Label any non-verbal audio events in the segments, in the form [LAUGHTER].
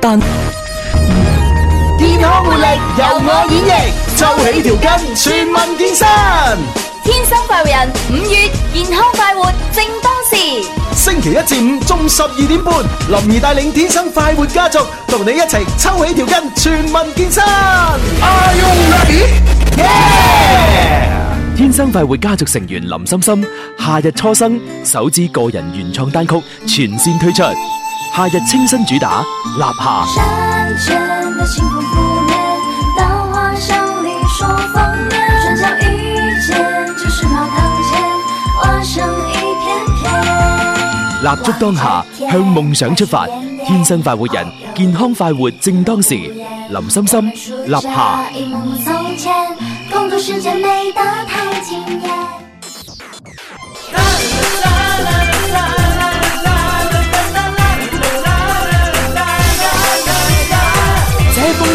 但健康活力由我演繹，抽起條筋全民健身。天生快活人，五月健康快活正當時。星期一至五中午十二點半，林怡帶領天生快活家族，同你一齊抽起條筋全民健身。Are you ready? Yeah！天生快活家族成員林心心夏日初生首支個人原創單曲全線推出。夏日清新主打，立夏。轉角遇見就是貓塘前，蛙聲一片片。立足當下，向夢想出發，天生快活人，健康快活正當時。林深深，立夏。立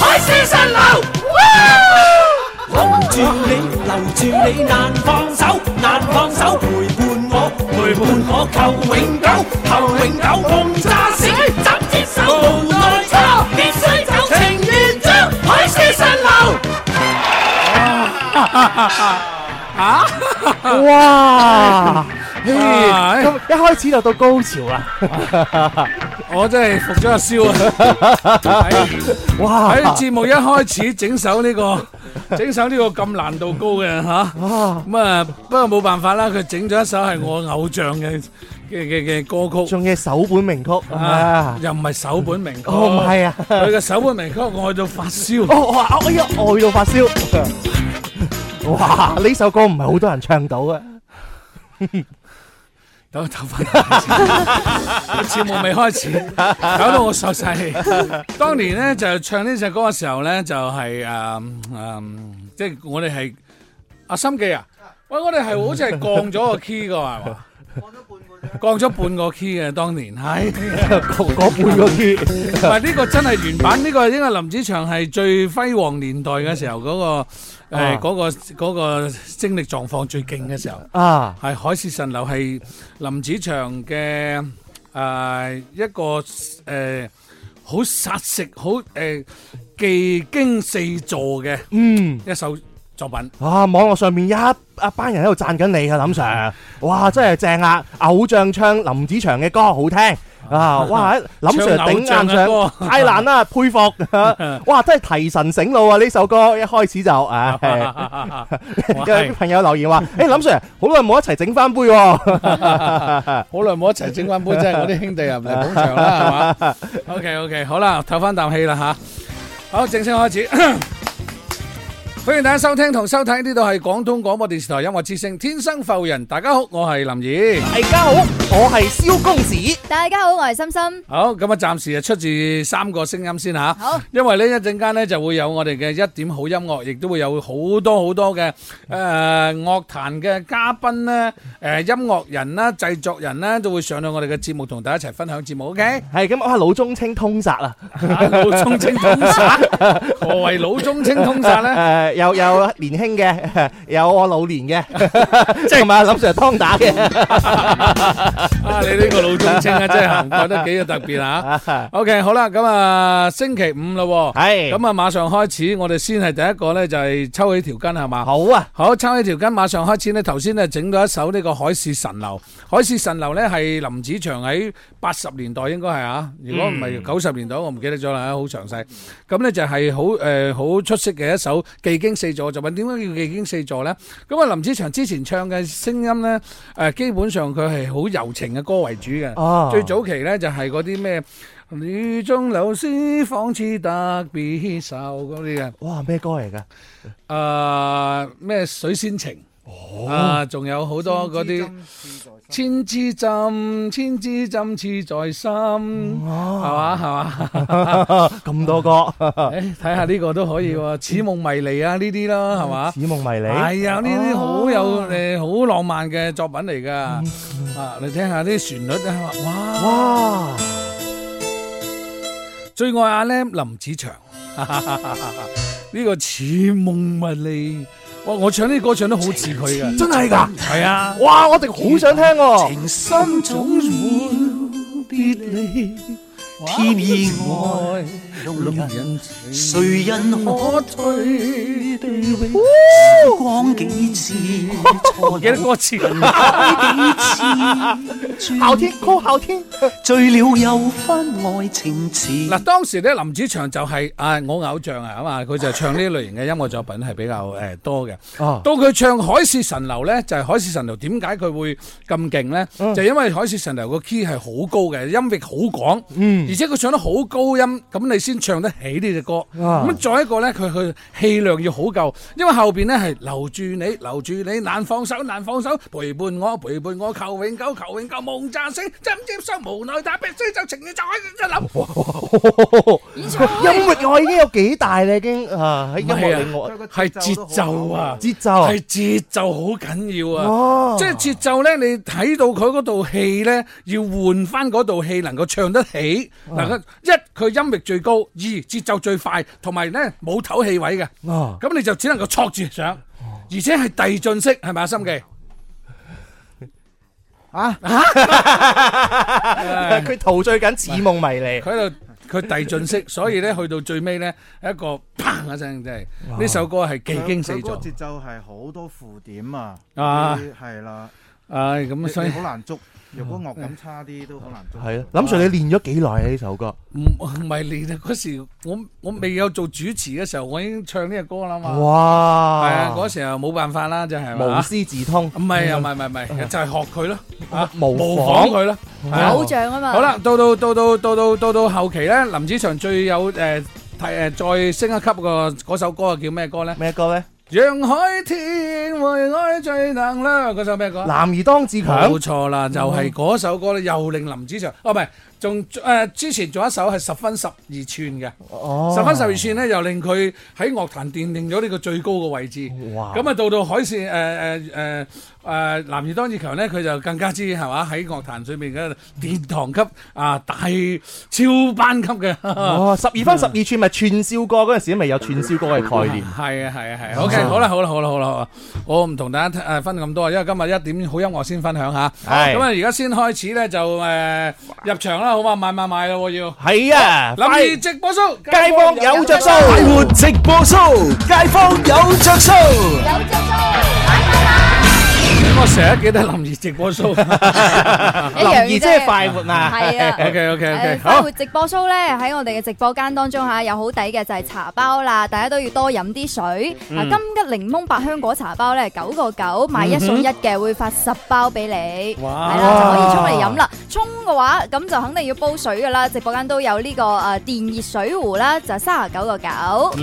海市蜃樓。留住你，留住你，難放手，難放手。陪伴我，陪伴我，求永久，求永久。無奈必須走情願，情如潮，海市蜃樓。啊！哇！一一開始就到高潮啦！我真係服咗阿蕭啊！哇！喺節目一開始整首呢個，整首呢個咁難度高嘅吓。咁啊，不過冇辦法啦，佢整咗一首係我偶像嘅嘅嘅嘅歌曲，仲嘅首本名曲啊，又唔係首本名曲。哦，唔係啊，佢嘅首本名曲愛到發燒。哦，我呀，愛到發燒。哇！呢首歌唔係好多人唱到嘅，等 [LAUGHS] 我唞翻。節目未開始，搞到我受晒氣。 [LAUGHS] 當年咧就唱呢首歌嘅時候咧，就係、是、誒、嗯嗯、即係我哋係阿心記啊。喂，我哋係好似係降咗個 key 噶嘛？ [LAUGHS] 降咗半個，key 嘅。當年係 [LAUGHS] 降半個 key。係 [LAUGHS] 呢 [LAUGHS] 半個, [LAUGHS] 半個, [LAUGHS] 個真係原版，呢、這個應該林子祥係最輝煌年代嘅時候嗰、那個。誒，嗰個嗰個精力狀況最勁嘅時候，啊，係海市蜃樓，係林子祥嘅，誒一個誒好殺食好誒技驚四座嘅，嗯，一首作品。哇，網絡上面一一班人喺度讚緊你啊，林 sir，哇，真係正啊，偶像唱林子祥嘅歌好聽。啊！哇，林 Sir 頂硬上，太難啦，佩服！啊、哇，真係提神醒腦啊！呢首歌一開始就，誒、啊， [LAUGHS] 啊啊啊啊、 [LAUGHS] 有啲朋友留言話，誒、啊欸，林 Sir 好耐冇一齊整翻杯，好耐冇一齊整翻杯，真係我啲兄弟嚟捧場啦，係嘛？OK，OK，好啦，透翻啖氣啦吓，好，正式開始。歡迎大家收聽同收睇呢度係廣東廣播電視台音樂之聲，天生浮人，大家好，我係林儀，大家好，我係蕭公子，大家好，我係心心。好，咁啊，暫時啊，出自三個聲音先吓，好，因為咧一陣間咧就會有我哋嘅一點好音樂，亦都會有好多好多嘅誒樂壇嘅嘉賓咧，誒音樂人啦、製作人啦，都會上到我哋嘅節目，同大家一齊分享節目。OK，係，咁我老中青通殺啦，老中青通殺，何為老中青通殺咧？有年輕嘅，有我老年嘅，即係林 Sir 湯打嘅，對，你呢個老中青，即係行過得幾個特別，對，對，對，.經四座就問點解叫《技經四座》咧？咁啊，林子祥之前唱嘅聲音咧，誒，基本上佢係好柔情嘅歌為主嘅。哦、oh.，最早期咧就係嗰啲咩雨中柳絲仿似特別愁嗰啲嘅。哇，咩歌嚟噶？誒、呃，咩水仙情？哦、啊，仲有好多嗰啲千枝針，千枝針刺在心，係嘛，係嘛，咁 [LAUGHS] 多歌，睇下呢個都可以喎，似 [LAUGHS] 夢迷離啊呢啲啦，係嘛，似夢迷離，係啊呢啲好有誒好、啊、浪漫嘅作品嚟噶、嗯，啊你聽下啲旋律啊，哇哇，最愛阿、啊、Lam 林子祥，呢、這個似夢迷離。我唱啲歌唱得好似佢嘅，真係㗎！係啊！哇！我直好想聽喎、啊。情深總誰人可退？時光幾次？幾多次？後天歌，後天醉了又分愛情詞。嗱，當時咧林子祥就係誒我偶像啊嘛，佢就係唱呢類型嘅音樂作品係比較誒多嘅。到佢唱《海市蜃樓》咧，就係《海市蜃樓》。點解佢會咁勁咧？就因為《海市蜃樓》個 key 係好高嘅，音域好廣，嗯，而且佢唱得好高音，咁你。先唱得起呢隻歌，咁再一個咧，佢佢氣量要好夠，因為後邊咧係留住你，留住你難放手，難放手，陪伴我，陪伴我求永久，求永久夢乍醒，怎接受無奈，但必須就情願就喺一諗。音域我已經有幾大啦，已經啊喺音樂領域，係節奏啊，節奏係節奏好緊要啊，即係節奏咧，你睇到佢嗰度氣咧，要換翻嗰度氣能夠唱得起，能夠一佢音域最高。二節奏最快，同埋咧冇唞氣位嘅，咁你就只能夠挫住上，而且係遞進式，係咪啊？心記啊啊！佢陶醉緊，似夢迷離。佢喺度佢遞進式，所以咧去到最尾咧，一個砰一聲即係呢首歌係幾經死咗，節奏係好多負點啊！係啦，唉，咁所以好難捉。若果樂感差啲都好難做。係啊，林 sir，你練咗幾耐啊呢首歌？唔，唔係練嗰時，我我未有做主持嘅時候，我已經唱呢隻歌啦嘛。哇！係啊，嗰時又冇辦法啦，就係嘛。無師自通？唔係啊，唔係唔係，就係學佢咯，模模仿佢咯，偶像啊嘛。好啦，到到到到到到到後期咧，林子祥最有誒誒再升一級個嗰首歌啊，叫咩歌咧？咩歌咧？讓海天為愛最能啦，嗰首咩歌？男兒當自強，冇錯啦，就係、是、嗰首歌啦、嗯，又令林子祥，哦，唔係。仲誒之前做一首係十分十二寸嘅，哦十分十二寸咧，又令佢喺樂壇奠定咗呢個最高嘅位置。哇咁啊，到到海線誒誒誒誒南粵當自強咧，佢就更加之係嘛，喺樂壇上面嘅殿堂級啊大超班級嘅。哇、哦！十二分十二寸咪串燒歌陣時都未有串燒歌嘅概念。係、嗯嗯、啊係啊係啊，啊，啊，、嗯、啊。OK 好啦好啦好啦好啦好啦，我唔同大家誒分咁多啊，因為今日一點好音樂先分享一下係咁啊，而家先開始咧就誒、呃、入場啦。好嘛，買買買咯，買了我要係啊，快活直播 show，街坊有著數；快活直播 show，街坊有著數。買我成日記得林怡直播 show， [LAUGHS] [LAUGHS] 林怡即係快活啊！係 [LAUGHS] 啊兒姐 [LAUGHS] ，OK OK OK, okay。Uh, 直播 show 咧，喺我哋嘅直播間當中嚇，有好抵嘅就係茶包啦，大家都要多飲啲水。啊、嗯，金桔檸檬百香果茶包咧，九個九買一送一嘅，會發十包俾你。哇、嗯！係啦，就可以沖嚟飲啦。沖嘅話咁就肯定要煲水㗎啦。直播間都有呢、這個誒、uh, 電熱水壺啦，就三十九個九。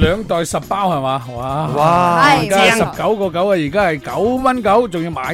兩袋十包係嘛？哇！哇！係正。而家十九個九啊，而家係九蚊九，仲要買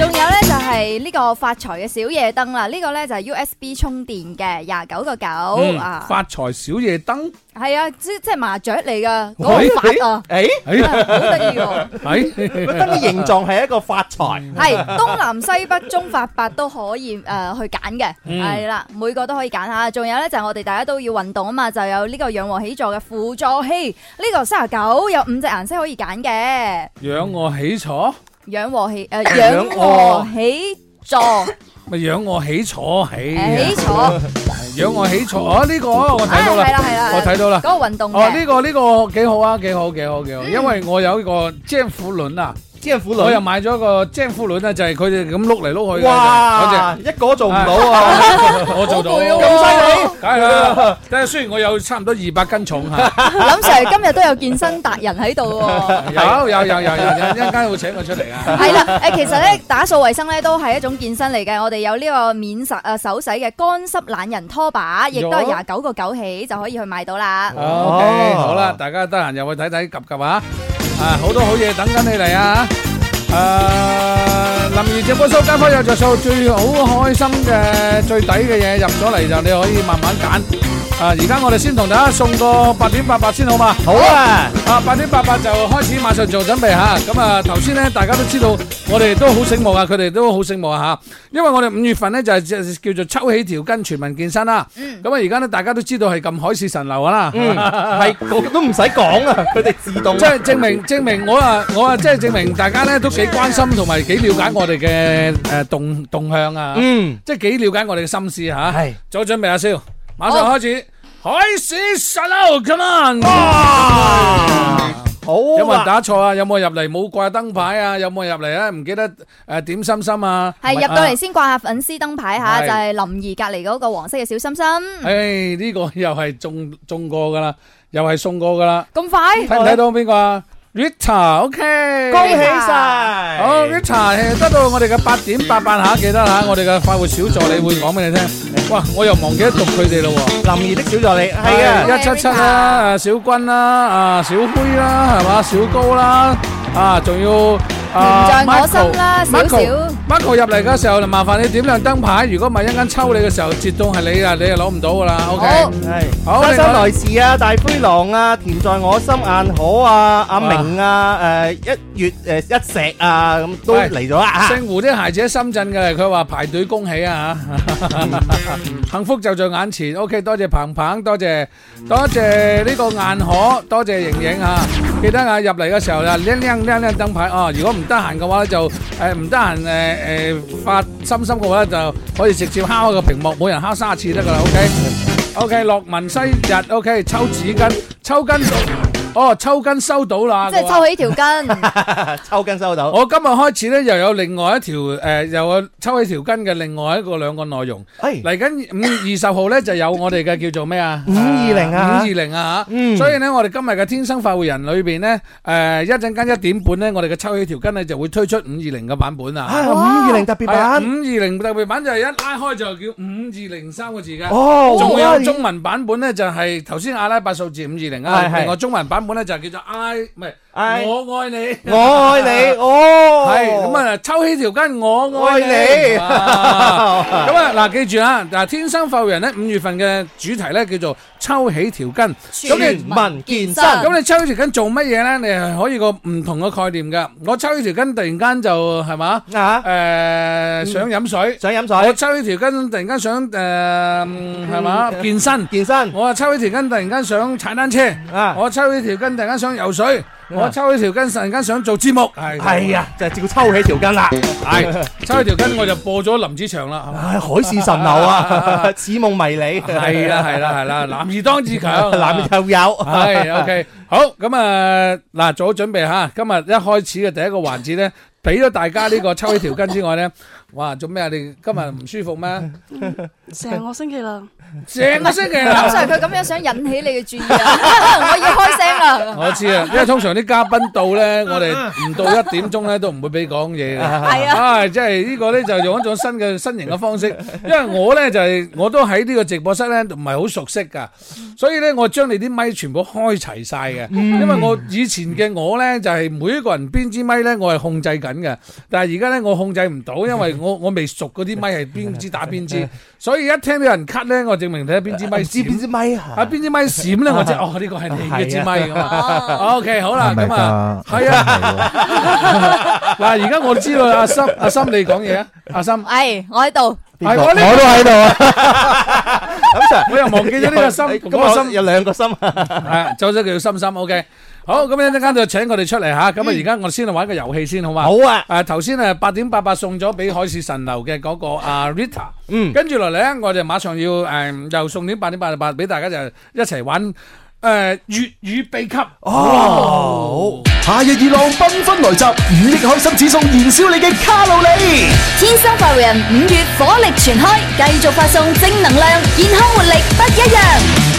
仲有咧就係呢個發財嘅小夜燈啦，呢、這個咧就係 USB 充電嘅、嗯，廿九個九啊！發財小夜燈係啊，即即麻雀嚟噶，我、那、發、個、啊！誒好得意喎！燈、欸、嘅、欸啊欸、 [LAUGHS] 形狀係一個發財，係東南西北中發白都可以誒、呃、去揀嘅，係、嗯、啦，每個都可以揀下。仲有咧就係我哋大家都要運動啊嘛，就有呢個仰臥起坐嘅輔助器，呢、這個卅九，有五隻顏色可以揀嘅，仰臥起坐。仰臥起誒，仰臥起坐咪仰臥起坐起，仰臥起坐啊！呢、 [LAUGHS] 哦這個我睇到啦，哎哎、我睇到啦，嗰、哎哎、個運動哦，呢、這個呢、這個幾好啊，幾好幾好幾好，幾好幾好嗯、因為我有一個健腹輪啊。健腹輪，我又買咗個健腹輪啊！就係佢哋咁碌嚟碌去。哇！一個做唔到啊，我做到，咁犀利。梗係啦，梗係雖然我有差唔多二百斤重吓。林 Sir 今日都有健身達人喺度喎。有有有有有，一陣間會請我出嚟啊。係啦，誒，其實咧打掃衛生咧都係一種健身嚟嘅。我哋有呢個免洗誒手洗嘅乾濕懶人拖把，亦都係廿九個九起就可以去買到啦。OK，好啦，大家得閒又去睇睇 𥄫𥄫 啊！好、啊、多好嘢等緊你嚟啊！誒、啊，林儀直播收 h o w 加數最好開心嘅最抵嘅嘢入咗嚟就你可以慢慢揀。啊！而家我哋先同大家送個八點八八先好嘛？好啊！啊，八點八八就開始馬上做準備吓。咁啊，頭先咧大家都知道，我哋都好醒目啊，佢哋都好醒目啊吓。因為我哋五月份咧就係即係叫做抽起條筋全民健身啦。嗯。咁啊，而家咧大家都知道係咁海市蜃樓啦。嗯，係，都唔使講啊，佢哋自動。即係證明，證明我啊我啊即係證明大家咧都幾關心同埋幾了解我哋嘅誒動動向啊。嗯。即係幾了解我哋嘅心思吓。係。做好準備啊，蕭。馬上開始，開始十樓，Come on，好，有冇人打錯啊？有冇入嚟冇掛燈牌啊？有冇入嚟咧？唔記得誒點心心啊？係入到嚟先掛粉絲燈牌吓，就係林兒隔籬嗰個黃色嘅小心心。誒，呢個又係中中過噶啦，又係送過噶啦。咁快，睇唔睇到邊個啊？Rita，OK，okay, 恭喜晒，Rita 得到我哋嘅八點八八，下，記得我哋嘅快活小助理會講俾你聽。哇，我又忘記讀佢哋咯，林兒的小助理係啊，一七七啦，uh, okay, 177, uh, 小君啦，啊、uh, 小灰啦，係嘛，小高啦，啊、uh, 仲要。甜在我心啦，少少。Michael 入嚟嘅時候，就麻煩你點亮燈牌。如果唔係一陣間抽你嘅時候，折中係你啊，你又攞唔到噶啦。O K，係。沙沙來時啊，大灰狼啊，甜在我心，硬殼啊，阿明啊，誒一月誒一石啊，咁都嚟咗啦。姓胡啲孩子喺深圳嘅，佢話排隊恭喜啊。幸福就在眼前。O K，多謝鵬鵬，多謝多謝呢個硬殼，多謝盈盈啊。記得啊，入嚟嘅時候就亮亮亮亮燈牌哦。如果唔得閒嘅話，就誒唔得閒誒誒發心心嘅話咧，就可以直接敲個屏幕，每人敲三次得噶啦。OK，OK，樂文西日，OK 抽紙巾，抽筋。哦，抽筋收到啦！即係抽起條筋，抽筋收到。我今日開始咧，又有另外一條誒，又抽起條筋嘅另外一個兩個內容。嚟緊五月二十號咧，就有我哋嘅叫做咩啊？五二零啊，五二零啊吓。嗯，所以咧，我哋今日嘅天生快活人裏邊咧，誒，一陣間一點半咧，我哋嘅抽起條筋咧就會推出五二零嘅版本啊。係五二零特別版，五二零特別版就係一拉開就叫五二零三個字嘅。哦，仲有中文版本咧，就係頭先阿拉伯數字五二零啊，另外中文版。本來講叫做 I，唔係。我愛你，我愛你，我係咁啊！抽起條筋，我愛你。咁啊，嗱，記住啦！嗱，天生富人咧，五月份嘅主題咧叫做抽起條筋全民健身。咁你抽起條筋做乜嘢咧？你係可以個唔同嘅概念㗎。我抽起條筋突然間就係嘛？啊？誒，想飲水，想飲水。我抽起條筋突然間想誒係嘛？健身，健身。我啊抽起條筋突然間想踩單車啊！我抽起條筋突然間想游水。我抽起條筋，突然間想做節目，係係啊，就係、照、抽起條筋啦，係、 [LAUGHS] 哎、抽起條筋我就播咗林子祥啦，係海市蜃樓啊，似夢、啊啊啊、迷離，係啦係啦係啦，啊啊、 [LAUGHS] 男兒當自強，男就有，係、啊、OK，好咁啊，嗱、嗯嗯、做好準備吓，今日一開始嘅第一個環節咧，俾咗大家呢個抽起條筋之外咧。哇！做咩啊？你今日唔舒服咩？成個星期啦，成個星期啦。通常佢咁樣想引起你嘅注意啊！可能我要開聲啦。我知啊，因為通常啲嘉賓到咧，我哋唔到一點鐘咧都唔會俾講嘢嘅。係啊，係即係呢個咧就用一種新嘅新型嘅方式。因為我咧就係我都喺呢個直播室咧唔係好熟悉噶，所以咧我將你啲咪全部開齊晒嘅。因為我以前嘅我咧就係每一個人邊支咪咧我係控制緊嘅，但係而家咧我控制唔到，因為。我我未熟嗰啲咪係邊支打邊支，所以一聽到有人 cut 咧，我證明睇下邊支咪，知邊支咪啊？啊邊支咪閃咧？我知哦，呢個係你嘅支咪。OK，好啦，咁啊，係啊。嗱，而家我知道阿心阿心你講嘢啊，阿心，係我喺度，係我都喺度啊。咁啊，我又忘記咗呢個心，咁個心有兩個心，係啊，周身叫心心。OK。好，咁一陣間就請我哋出嚟吓，咁啊而家我先嚟玩個遊戲先好嘛？好啊！誒、啊，頭先八點八八送咗俾海市蜃樓嘅嗰個阿 Rita，嗯，跟住落嚟咧，我哋就馬上要誒、呃、又送點八點八八俾大家，就一齊玩誒粵語秘笈哦！夏日熱浪繽紛來襲，五億開心指數燃燒你嘅卡路里，天生華人五月火力全開，繼續發送正能量，健康活力不一樣。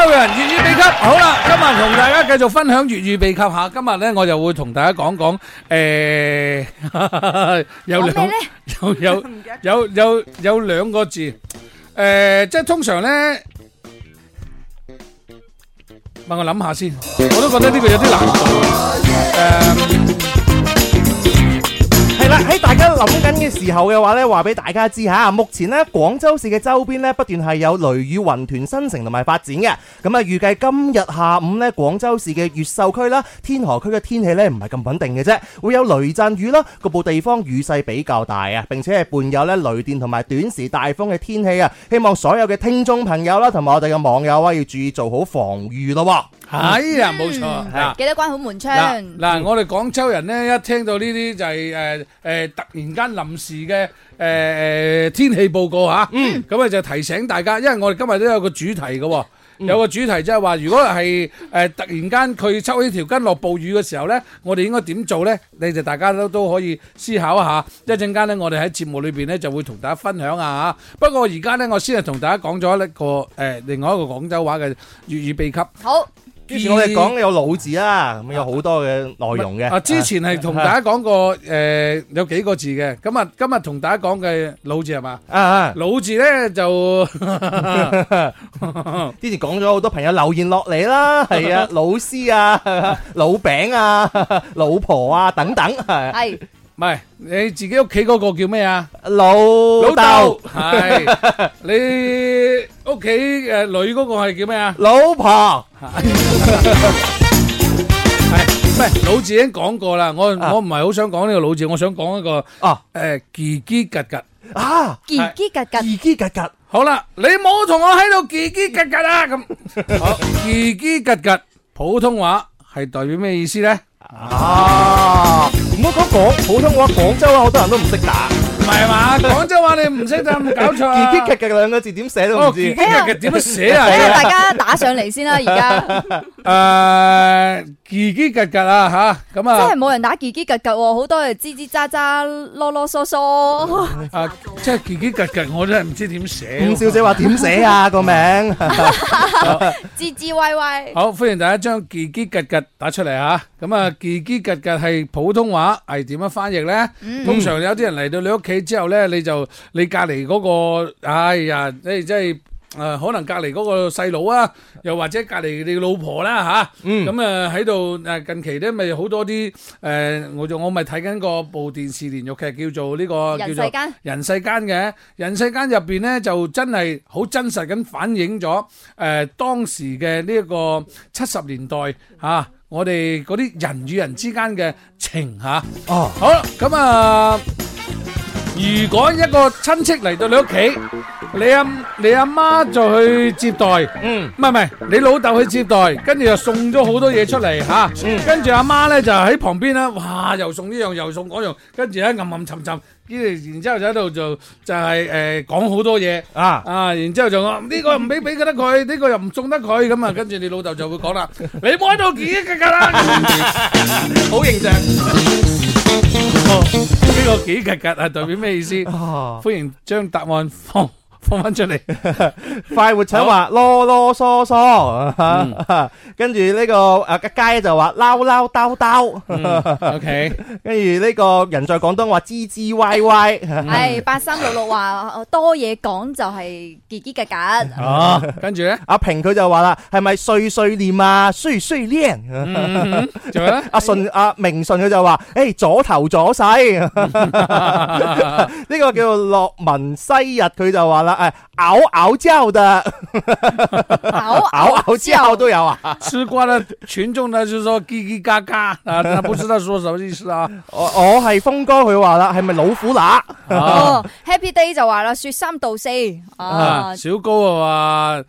粵語秘笈。好啦，今日同大家繼續分享粵語秘笈，下，今日呢，我就會同大家講講，呃，有兩，有有有有有兩個字，呃，即係通常呢，問我諗下先，我都覺得呢個有啲難，呃 [LAUGHS] 喺大家諗緊嘅時候嘅話呢，話俾大家知吓。目前呢，廣州市嘅周邊呢，不斷係有雷雨雲團生成同埋發展嘅，咁啊，預計今日下午呢，廣州市嘅越秀區啦、天河區嘅天氣呢，唔係咁穩定嘅啫，會有雷陣雨啦，局部地方雨勢比較大啊，並且係伴有呢雷電同埋短時大風嘅天氣啊，希望所有嘅聽眾朋友啦同埋我哋嘅網友啊，要注意做好防禦咯。係、哎嗯、啊，冇錯。記得關好門窗。嗱、嗯，我哋廣州人呢，一聽到呢啲就係誒誒，突然間臨時嘅誒誒天氣報告吓，咁啊、嗯、就提醒大家，因為我哋今日都有個主題嘅，有個主題即係話，如果係誒、呃、突然間佢抽起條筋落暴雨嘅時候呢，我哋應該點做呢？你哋大家都都可以思考一下。一陣間呢，我哋喺節目裏邊呢就會同大家分享下。不過而家呢，我先係同大家講咗一個誒、呃、另外一個廣州話嘅粵語秘笈。好。之前我哋講有老字啦，咁有好多嘅內容嘅、啊。啊，之前係同大家講過，誒、呃，有幾個字嘅。咁啊，今日同大家講嘅老字係嘛？啊，老字咧就， [LAUGHS] [LAUGHS] 之前講咗好多朋友留言落嚟，啦，係啊，老師啊，老餅啊，老婆啊，等等係。唔係你自己屋企嗰個叫咩啊？老老豆，係你屋企誒女嗰個係叫咩啊？老婆係，唔係老字已經講過啦？我我唔係好想講呢個老字，我想講一個哦誒，嘰嘰吉吉啊，嘰嘰吉吉，嘰嘰吉吉。好啦，你冇同我喺度嘰嘰吉吉啊咁。好，嘰嘰吉吉，普通話係代表咩意思咧？啊！唔好講普通話，廣州啊，好多人都唔識打。係 [LAUGHS] 嘛？廣州話你唔識就唔搞錯、啊。字啲劇嘅兩個字點寫都唔知。點、哦、寫啊？睇、哎、下大家打上嚟先啦。而家誒字啲吉劇啊嚇咁啊，真係冇人打字啲吉吉喎，好多係吱吱喳喳、囉囉嗦嗦。啊，即係字啲吉吉，我都係唔知點寫。伍小姐話點寫啊個 [LAUGHS] 名字？吱吱歪歪。好，歡迎大家將字啲吉吉打出嚟嚇。咁啊，字啲吉吉係普通話係點樣翻譯咧、嗯嗯？通常有啲人嚟到你屋企。之後咧，你就你隔籬嗰個，哎呀，你即係誒，可能隔籬嗰個細佬啊，又或者隔籬你老婆啦吓，嗯，咁啊喺度誒，近期咧咪好多啲誒，我仲我咪睇緊個部電視連續劇叫做呢個叫做《人世間》嘅。《人世間》入邊咧，就真係好真實咁反映咗誒當時嘅呢一個七十年代吓，我哋嗰啲人與人之間嘅情吓哦，好啦，咁啊。如果一個親戚嚟到你屋企，你阿你阿媽就去接待，嗯，唔係唔係，你老豆去接待，跟住又送咗好多嘢出嚟吓，跟住阿媽咧就喺旁邊啦，哇，又送呢樣又送嗰樣，跟住咧暗暗沉沉，跟住然之後就喺度就就係誒講好多嘢啊啊，然之後就講呢個唔俾俾得佢，呢個又唔送得佢，咁啊，跟住你老豆就會講啦，你冇喺度自己嘅啦，好形象。呢、這個幾格格係代表咩意思？歡迎將答案放。放翻出嚟， [LAUGHS] 快活請話囉囉嗦嗦，嗯、 [LAUGHS] 跟住呢、這個阿個佳就話嘮嘮叨叨，OK， [LAUGHS] 跟住呢個人在廣東話吱吱歪歪，係八三六六話多嘢講就係自己嘅緊，跟住咧阿平佢就話啦，係咪碎碎念啊？碎碎念，仲有咧阿順阿明順佢就話，誒、欸、左頭左勢，呢 [LAUGHS] [LAUGHS] [LAUGHS] [LAUGHS] [LAUGHS] [LAUGHS] [LAUGHS] 個叫做樂文西日他說，佢就話啦。誒、哎，嗷嗷叫的，嗷嗷嗷叫都有啊！吃瓜的群眾呢， [LAUGHS] 就說嘰嘰嘎嘎，啊，不知道說什麼意思啊！ [LAUGHS] 我我係峰哥佢話啦，係咪老虎乸？哦、 [LAUGHS] oh，Happy Day 就話啦，說三道四啊，啊！小高啊，誒、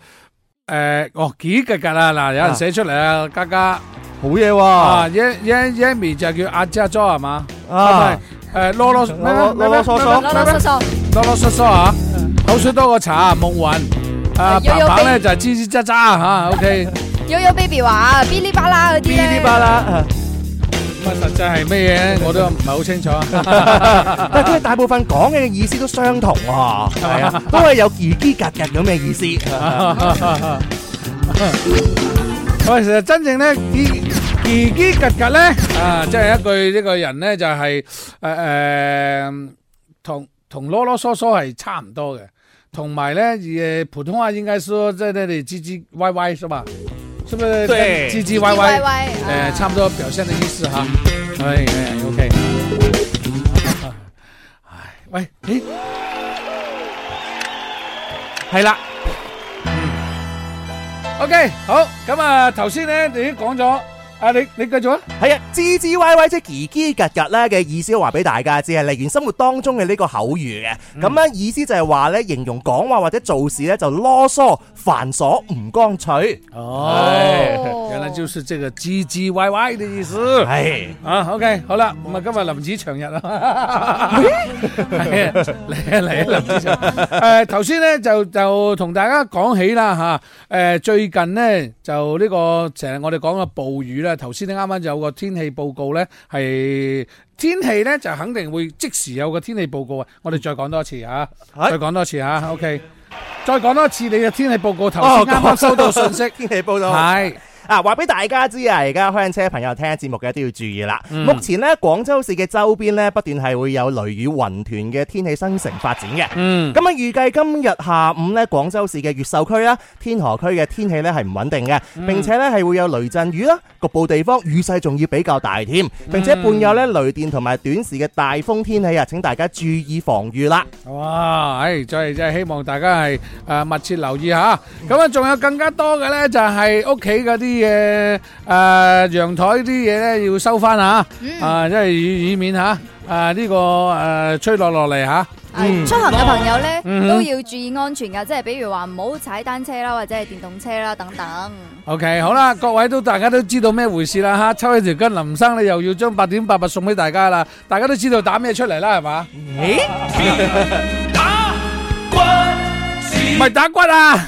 哎，哦，幾級噶啦？嗱，有人寫出嚟啊，嘎嘎，好嘢喎！Yamy 就叫阿 Jo 係嘛？啊，誒，囉囉囉囉囉嗦嗦囉囉嗦嗦囉囉嗦嗦啊！.口水多過茶，木雲啊，棒棒咧就吱吱喳喳吓、 [LAUGHS] 啊、，OK [LAUGHS] you baby。悠悠 baby 話嗶哩吧啦嗰啲咧。嗶哩吧啦，咁、嗯、啊、嗯嗯嗯嗯嗯、實際係咩嘢？我都唔係好清楚。哈哈哈哈 [LAUGHS] 但係佢大部分講嘅意思都相同，係啊， [LAUGHS] 都係有嘰嘰格格」咁嘅意思。喂，其實真正咧，嘰嘰格格」咧啊，即、就、係、是、一句呢個人咧就係誒誒，同、呃、同、嗯、囉囉嗦嗦係差唔多嘅。同埋咧，哎普通話應該說在那裏唧唧歪歪是吧？是不是？對，唧唧歪歪，哎、啊，差不多表現的意思哈。哎哎 OK，哎，喂、哎，好、哎，係啦，OK，好，咁啊，頭先咧，你已經講咗。啊！你你繼續啊！係啊，吱吱歪歪即係嘰嘰格格咧嘅意思，話俾大家知，只係嚟自生活當中嘅呢個口語嘅。咁咧意思就係話咧，形容講話或者做事咧就囉嗦、繁瑣、唔乾脆。哦，原來就是即係這個吱吱歪歪嘅意思。係啊，OK，好啦，咁啊，今日林子祥日啦，係啊，嚟啊嚟啊，林子祥。誒，頭先咧就就同大家講起啦吓。誒，最近咧就呢個成日我哋講嘅暴雨咧。頭先你啱啱有個天氣報告呢，係天氣呢就肯定會即時有個天氣報告啊！我哋再講多次啊，再講多次啊，OK，再講多次你嘅天氣報告。頭先啱啱收到信息，天氣報道係。嗱、啊，話俾大家知啊！而家開車朋友聽一下節目嘅都要注意啦、嗯。目前呢，廣州市嘅周邊呢不斷係會有雷雨雲團嘅天氣生成發展嘅。嗯，咁啊預計今日下午呢，廣州市嘅越秀區啦、天河區嘅天氣呢係唔穩定嘅、嗯，並且呢係會有雷陣雨啦，局部地方雨勢仲要比較大添，並且伴有呢，雷電同埋短時嘅大風天氣啊！請大家注意防禦啦。哇！唉、哎，真係真係希望大家係誒、啊、密切留意吓。咁啊，仲有更加多嘅呢，就係屋企嗰啲。嘅誒陽台啲嘢咧要收翻啊！啊，因為以以免吓啊呢個誒吹落落嚟吓。出行嘅朋友咧都要注意安全噶，即係比如話唔好踩單車啦，或者係電動車啦等等。OK，好啦，各位都大家都知道咩回事啦吓，抽起條筋，林生咧又要將八點八八送俾大家啦，大家都知道打咩出嚟啦係嘛？誒，打骨唔係打骨啊！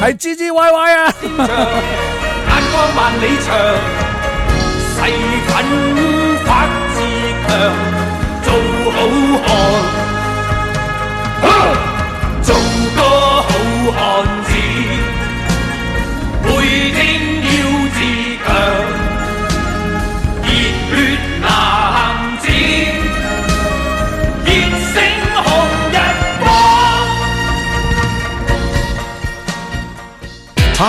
係吱吱歪歪啊！唱， [LAUGHS] 眼光萬里長，誓奮發自強，做好漢，啊，做個好。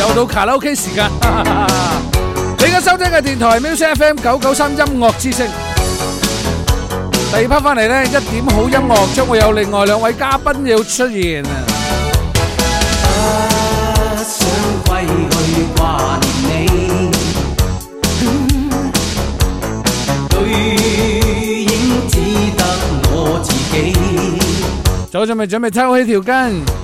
又到卡拉 OK 時間，你而家收聽嘅電台係 music FM 九九三音樂之聲。第二 part 翻嚟呢，一點好音樂將會有另外兩位嘉賓要出現。不想歸去掛念你，對影只得我自己。早準備準備抽起條筋。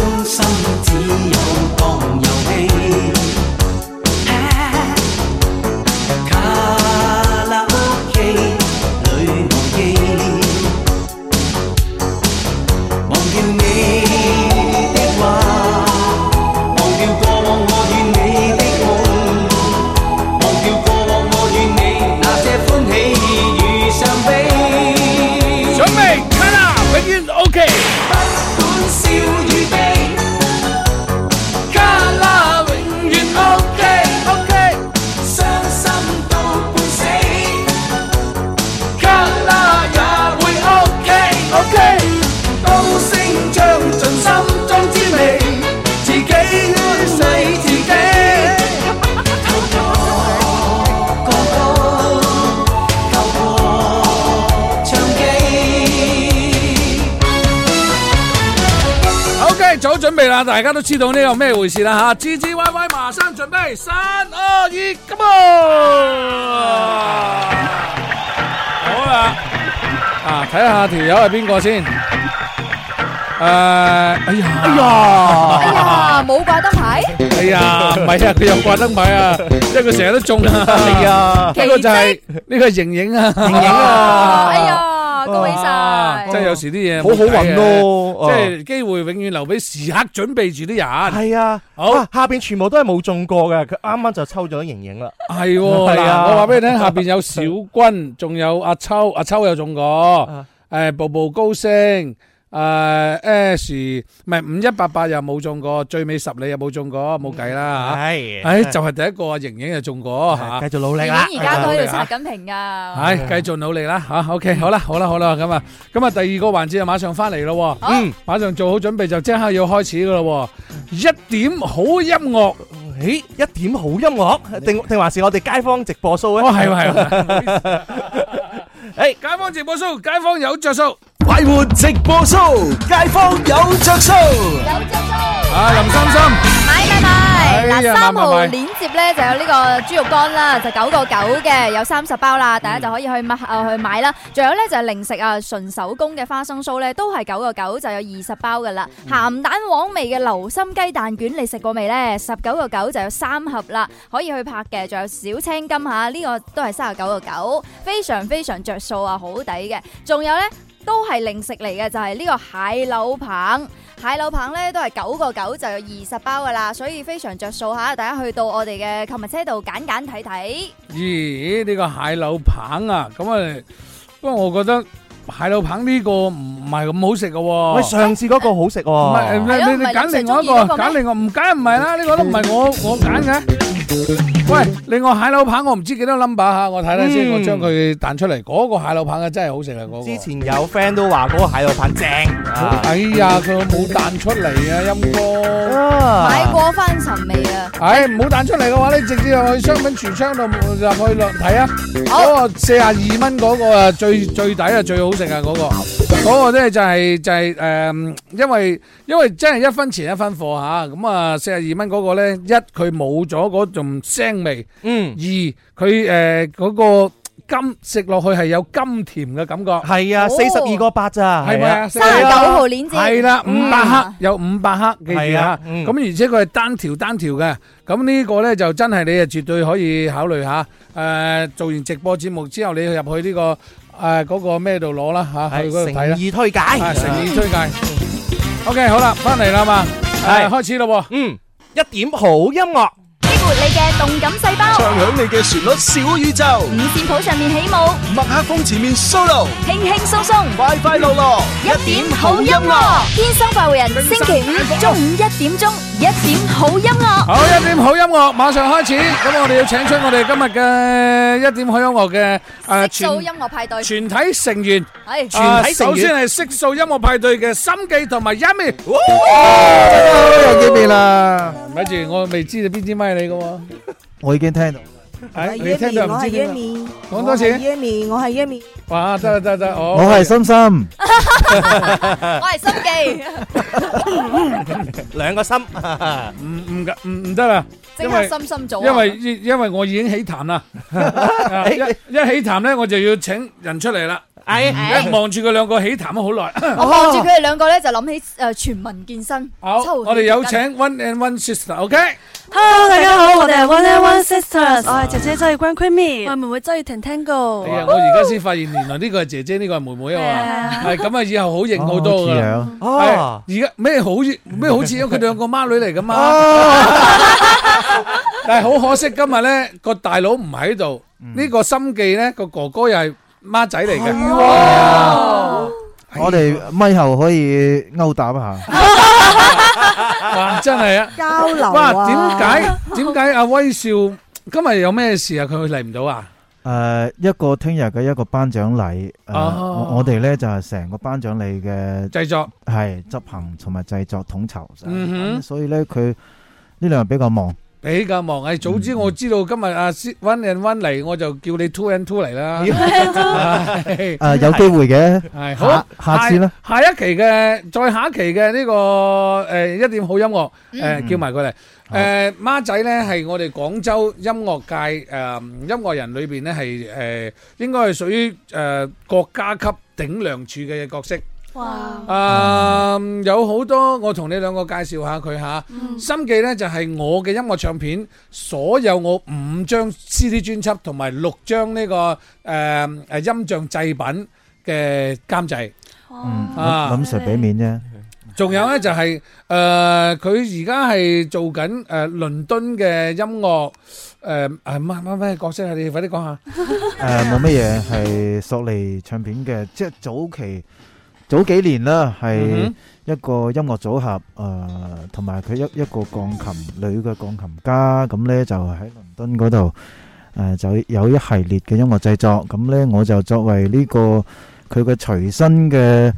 準備啦，大家都知道呢個咩回事啦吓，吱吱歪歪，馬上準備，三二一，come on！好啦，啊，睇下條友係邊個先？誒，哎呀，哎呀，冇掛燈牌？哎呀，唔係啊，佢又掛燈牌啊，因為佢成日都中啊，呢個就係呢個盈盈啊，盈盈啊，哎呀。恭喜晒，即係有時啲嘢、啊、好好運咯，即係機會永遠留俾時刻準備住啲人。係啊，好啊，下邊全部都係冇中過嘅，佢啱啱就抽咗瑩瑩啦。係啊，我話俾你聽，下邊有小軍，仲 [LAUGHS] 有阿秋，阿秋有中過，誒、啊欸、步步高升。誒，S 唔係五一八八又冇中過，最尾十厘又冇中過，冇計啦吓。係，誒就係第一個，盈盈又中過，繼續努力啦。盈盈而家都喺度刷緊屏噶。係，繼續努力啦吓。OK，好啦，好啦，好啦，咁啊，咁啊，第二個環節就，馬上翻嚟咯。嗯，馬上做好準備就即刻要開始噶咯。一點好音樂，咦？一點好音樂，定定還是我哋街坊直播 show 咧？哦，係喎，係喎。誒，街坊直播 show，街坊有着數。快活直播 show，街坊有着數，有着數。哎，林三心，買買買，嗱，三號鏈接咧就有呢個豬肉乾啦，就九個九嘅，有三十包啦，大家就可以去買啦。仲有咧就係零食啊，純手工嘅花生酥咧都係九個九，就有二十包噶啦。鹹蛋黃味嘅流心雞蛋卷你食過未咧？十九個九就有三盒啦，可以去拍嘅。仲有小青柑吓，呢個都係三十九個九，非常非常着數啊，好抵嘅。仲有咧。都係零食嚟嘅，就係呢個蟹柳棒，蟹柳棒呢都係九個九就有二十包㗎喇，所以非常着數吓，大家去到我哋嘅購物車度揀揀睇睇。咦，呢個蟹柳棒啊，咁啊，不過我覺得。蟹柳棒呢個唔唔係咁好食嘅，喂，上次嗰個好食喎，唔係你你揀另外一個，揀另外唔揀唔係啦，呢個都唔係我我揀嘅。喂，另外蟹柳棒我唔知幾多 number 吓，我睇睇先，我將佢彈出嚟，嗰個蟹柳棒啊真係好食啊！嗰個之前有 friend 都話嗰個蟹柳棒正啊，哎呀佢冇彈出嚟啊，陰公，買過翻神未啊？哎，唔好彈出嚟嘅話，你直接去商品櫥窗度入去落睇啊！嗰個四十二蚊嗰個啊，最最抵啊，最好。嗰、那個，那個咧就係、是、就係、是、誒、呃，因為因為真係一分錢一分貨吓，咁啊四十二蚊嗰個咧，一佢冇咗嗰種腥味，嗯二，二佢誒嗰個甘食落去係有甘甜嘅感覺，係啊，四十二個八咋，係咪、啊？三十九號鏈接，係啦、啊，五百克有五百克，嘅、嗯。記住啊，咁、嗯、而且佢係單條單條嘅。咁呢個咧就真係你啊，絕對可以考慮下。誒，做完直播節目之後，你去入去呢個誒嗰個咩度攞啦嚇？係誠意推介，誠意推介。OK，好啦，翻嚟啦嘛，係開始咯喎。嗯，一點好音樂。活你嘅動感細胞，唱響你嘅旋律小宇宙，五線譜上面起舞，麥克風前面 solo，輕輕鬆鬆，快快樂樂，一點好音樂，天生快活人，星期五中午一點鐘，一點好音樂，好一點好音樂馬上開始。咁我哋要請出我哋今日嘅一點好音樂嘅誒，色素音樂派對全體成員，係，全體成員，首先係色素音樂派對嘅心記同埋阿 May，真係好又見面啦，咪住我未知到邊支咪你。我已經聽到，係你聽到我係 Yemi，講多次 Yemi，我係 Yemi，哇真係真真，我係心心，我係心機，兩個心唔唔唔唔得啦，即係心心做，因為因為我已經起壇啦，一一起壇咧我就要請人出嚟啦。哎，望住佢兩個起談咗好耐。我望住佢哋兩個咧，就諗起誒全民健身。好、哦，我哋有請 One and One Sister，OK？Hello，、okay? 大家好，我哋係 One and One Sisters。誒，姐姐周月君 Creamy，妹妹周月婷 Tango。係啊，我而家先發現原來呢個係姐姐，呢 [LAUGHS] 個係妹妹啊。係啊。咁啊，以後好型、oh, okay. 哎、好多噶。而家咩好？似？咩好似咁？佢兩個孖女嚟噶嘛？Oh. [LAUGHS] 但係好可惜今呢，今日咧個大佬唔喺度。呢、嗯這個心計咧，個哥哥又係。孖仔嚟嘅，我哋咪後可以勾搭一下， [LAUGHS] 真係啊！交流啊！點解點解阿威少今日有咩事啊？佢會嚟唔到啊？誒、呃，一個聽日嘅一個頒獎禮，我我哋咧就係成個頒獎禮嘅製作係執行同埋製作統籌、嗯，所以咧佢呢兩日比較忙。比較忙，誒，早知我知道今日阿 One and One 嚟，我就叫你 Two and Two 嚟啦。誒，有機會嘅係好，下次啦。下一期嘅再下一期嘅呢個誒，一點好音樂誒，叫埋佢嚟。誒，孖仔咧係我哋廣州音樂界誒，音樂人裏邊咧係誒，應該係屬於誒國家級頂梁柱嘅角色。哇！誒，有好多我同你兩個介紹下佢吓，心記咧就係我嘅音樂唱片，所有我五張 CD 專輯同埋六張呢個誒誒音像製品嘅監製，啊，臨時俾面啫。仲有咧就係誒，佢而家係做緊誒倫敦嘅音樂，誒誒乜乜乜，講聲啊，你快啲講下。誒，冇乜嘢，係索尼唱片嘅，即係早期。早幾年啦，係一個音樂組合，誒、呃，同埋佢一一個鋼琴女嘅鋼琴家，咁呢，就喺倫敦嗰度，誒、呃、就有一系列嘅音樂製作，咁呢，我就作為呢、這個佢嘅隨身嘅。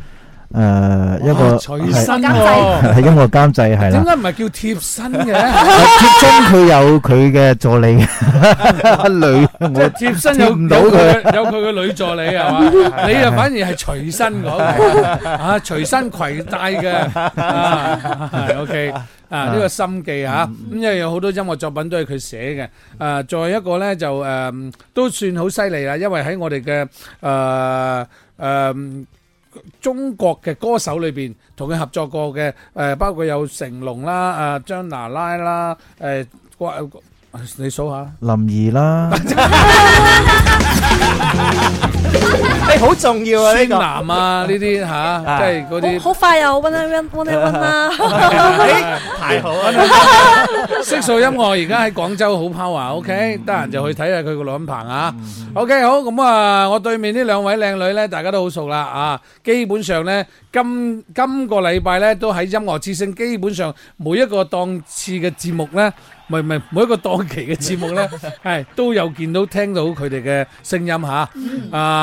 誒，一個隨身係音樂監製係，點解唔係叫貼身嘅？貼身佢有佢嘅助理女，即係貼身有唔到佢，有佢嘅女助理係嘛？你又反而係隨身嗰個啊？隨身攜帶嘅啊，OK 啊，呢個心機吓，咁因為有好多音樂作品都係佢寫嘅。誒，再一個咧就誒，都算好犀利啦，因為喺我哋嘅誒誒。中國嘅歌手裏邊，同佢合作過嘅，誒包括有成龍啦、啊張娜拉啦、誒，你數下，林怡啦。誒，好重要啊！孫楠啊，呢啲吓，即係嗰啲好快又温一温温一温啦！哎，太好啦！色素音樂而家喺廣州好 power 啊！OK，得閒就去睇下佢個錄音棚啊！OK，好咁啊，我對面呢兩位靚女咧，大家都好熟啦啊！基本上咧，今今個禮拜咧都喺音樂之聲，基本上每一個檔次嘅節目咧，唔係唔係每一個檔期嘅節目咧，係都有見到聽到佢哋嘅聲音吓啊！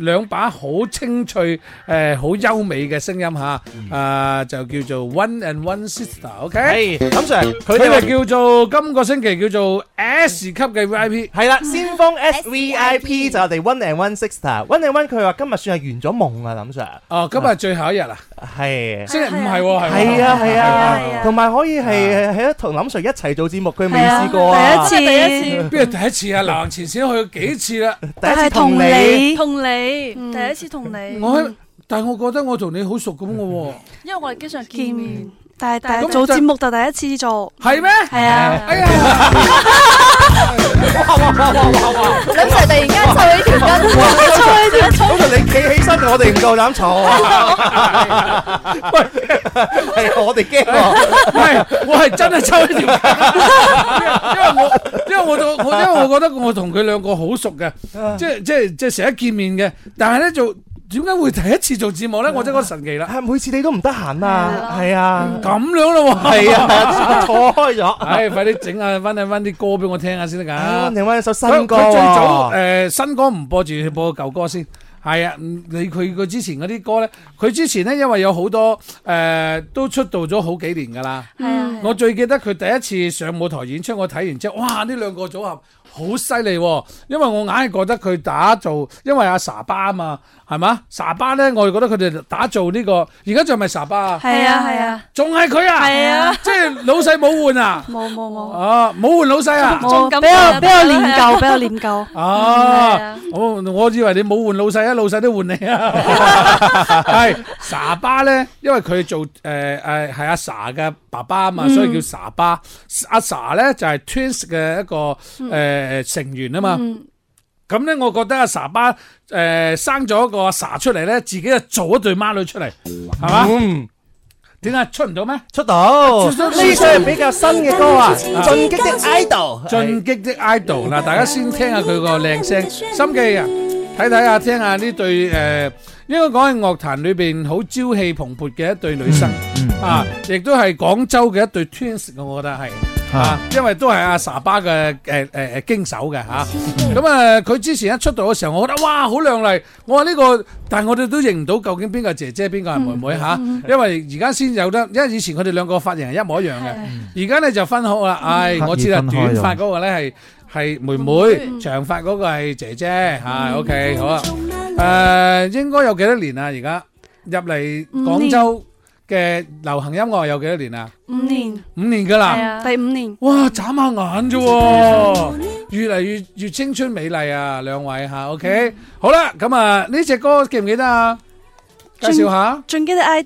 兩把好清脆、誒好優美嘅聲音嚇，誒就叫做 One and One Sister，OK？係，林 Sir，佢就叫做今個星期叫做 S 級嘅 VIP，係啦，先鋒 S VIP 就我哋 One and One Sister，One and One，佢話今日算係圓咗夢啊，林 Sir。哦，今日最後一日啊，係，星期五係，係啊係啊，同埋可以係喺一同林 Sir 一齊做節目，佢未試過啊，第一次，第一次，邊係第一次啊？嗱，前先去幾次啦，第一次同你，同你。你嗯、第一次同你，我、嗯、但係我覺得我同你好熟咁嘅、嗯、因為我哋經常見面。嗯第第做節目就第一次、就是、做是，係咩？係啊！哇哇哇哇！咁就突然間抽你條筋，抽你條筋，你企起身，我哋唔夠膽坐。喂，係我哋驚啊！我係真係抽一條，因 [LAUGHS] 為我因為我同我因為我覺得我同佢兩個好熟嘅，即係即係即係成日見面嘅，但係咧就。吃 Miller 他 [LAUGHS] 點解會第一次做節目咧？我真係覺得神奇啦、啊啊！每次你都唔得閒啊，係啊，咁樣咯，係啊，錯、嗯啊啊、開咗、哎啊啊。哎，快啲整下，溫下溫啲歌俾我聽下先得噶。你一首新歌、啊。最早、呃、新歌唔播住，播個舊歌先。係、哎、啊，你佢佢之前嗰啲歌咧，佢之前咧，因為有好多誒、呃、都出道咗好幾年噶啦。啊。我最記得佢第一次上舞台演出，我睇完之後，哇！呢兩個組合好犀利、啊，因為我硬係覺得佢打造，因為阿 Sa 巴啊嘛。係嘛？沙巴咧，我哋覺得佢哋打造呢、這個，而家仲係咪沙巴啊？係啊，係啊，仲係佢啊！係啊，即係老細冇換啊！冇冇冇！冇換老細啊！比較比較念舊，比較念舊。哦、啊啊嗯啊，我我以為你冇換老細啊，老細都換你啊。係、 [LAUGHS] 啊、沙巴咧，因為佢做誒誒係阿 Sa 嘅爸爸啊嘛，所以叫沙巴。阿、嗯啊、Sa 咧就係、是、Twins 嘅一個誒、嗯呃、成員啊嘛。嗯咁咧，我覺得阿 Sa 巴誒生咗個阿 Sa 出嚟咧，自己就做一對孖女出嚟，係嘛？點解出唔到咩？出到呢隻係比較新嘅歌啊！進擊的 Idol，進擊的 Idol。嗱，大家先聽下佢個靚聲，心機啊，睇睇下，聽下呢對誒，應該講係樂壇裏邊好朝氣蓬勃嘅一對女生啊，亦都係廣州嘅一對 twins，我覺得係。啊，因為都係阿沙巴嘅誒誒誒經手嘅吓，咁啊佢之前一出道嘅時候，我覺得哇好靚麗，我話呢個，但係我哋都認唔到究竟邊個係姐姐邊個係妹妹吓，因為而家先有得，因為以前佢哋兩個髮型係一模一樣嘅，而家咧就分好啦，唉，我知啦，短髮嗰個咧係係妹妹，長髮嗰個係姐姐，吓，OK 好啊，誒，應該有幾多年啊？而家入嚟廣州。嘅流行音樂有幾多年啊？五年，五年噶啦，啊，第五年。哇，眨下眼啫，越嚟越越青春美麗啊！兩位吓，啊，OK，嗯，好啦，咁啊呢隻歌記唔記得啊？介紹下《進擊的 Idol》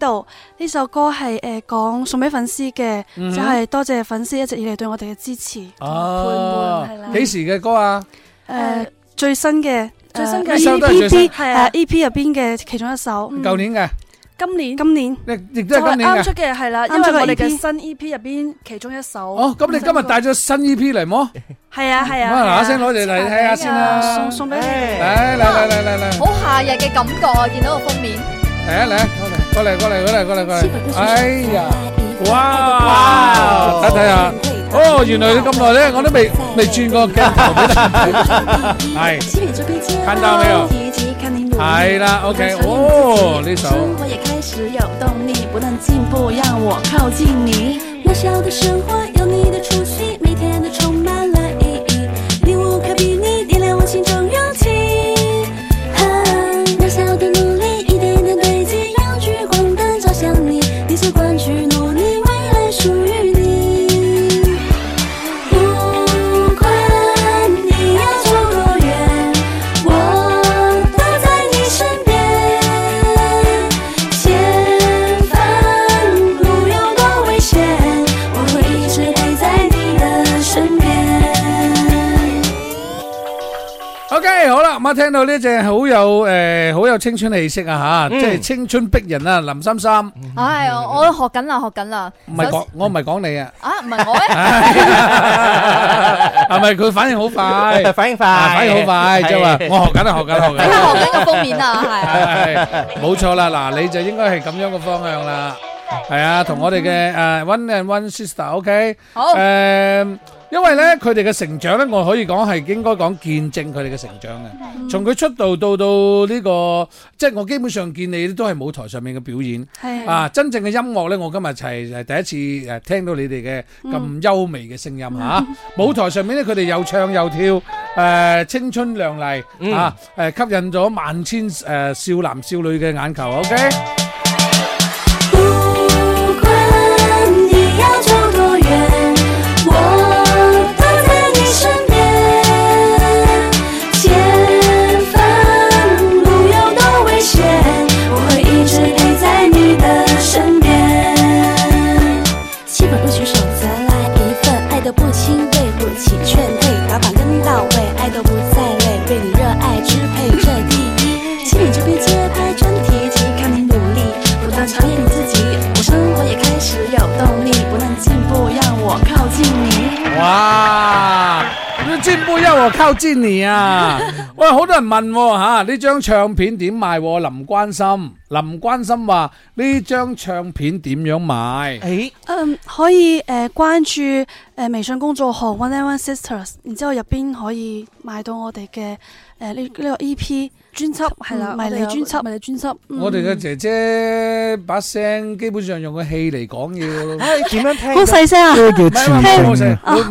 呢首歌係誒講送俾粉絲嘅，嗯，就係、是、多謝粉絲一直以嚟對我哋嘅支持。哦，幾、啊、時嘅歌啊？誒，呃，最新嘅，呃，最新嘅 EP 係啊 EP 入邊嘅其中一首，舊、嗯、年嘅。今年今年亦亦都係今年嘅，啱出嘅係啦，因為我哋嘅新 EP 入邊其中一首。哦，咁你今日帶咗新 EP 嚟麼？係啊係啊。嗱，先攞嚟嚟睇下先啦。送送俾你。嚟嚟嚟嚟嚟。好夏日嘅感覺啊！見到個封面。嚟啊嚟啊，過嚟過嚟過嚟過嚟過嚟過嚟。哎呀，哇哇，睇睇下。哦，原來你咁耐咧，我都未未轉過鏡頭。係。看到沒有？係啦，OK，哦呢首。只有動力，不斷進步，讓我靠近你。渺小的生活，有你的出現。我聽到呢隻好有誒，好有青春氣息啊！吓，即係青春逼人啊！林心心，係我學緊啦，學緊啦。唔係講，我唔係講你啊。啊，唔係我啊，係咪佢反應好快？反應快，反應好快，即係話我學緊啦，學緊啦，學緊。學緊個封面啊，係，冇錯啦。嗱，你就應該係咁樣個方向啦。係啊，同我哋嘅誒，One and One Sister，OK，好誒。因為咧，佢哋嘅成長咧，我可以講係應該講見證佢哋嘅成長嘅。從佢出道到到呢個，即係我基本上見你都係舞台上面嘅表演。係啊，真正嘅音樂咧，我今日係係第一次誒聽到你哋嘅咁優美嘅聲音吓。舞台上面咧，佢哋又唱又跳，誒，青春亮麗啊，誒吸引咗萬千誒少男少女嘅眼球。OK。靠志你啊！喂，好多人問吓，呢張唱片點賣？林關心，林關心話呢張唱片點樣買？誒、哎、嗯、um，可以誒關注誒微信公眾號 One and One Sisters，然之後入邊可以買到我哋嘅誒呢呢個 EP。專輯係啦，迷你專輯迷你專輯。我哋嘅、嗯、姐姐把聲基本上用個氣嚟講嘢，點樣聽好細聲啊！冇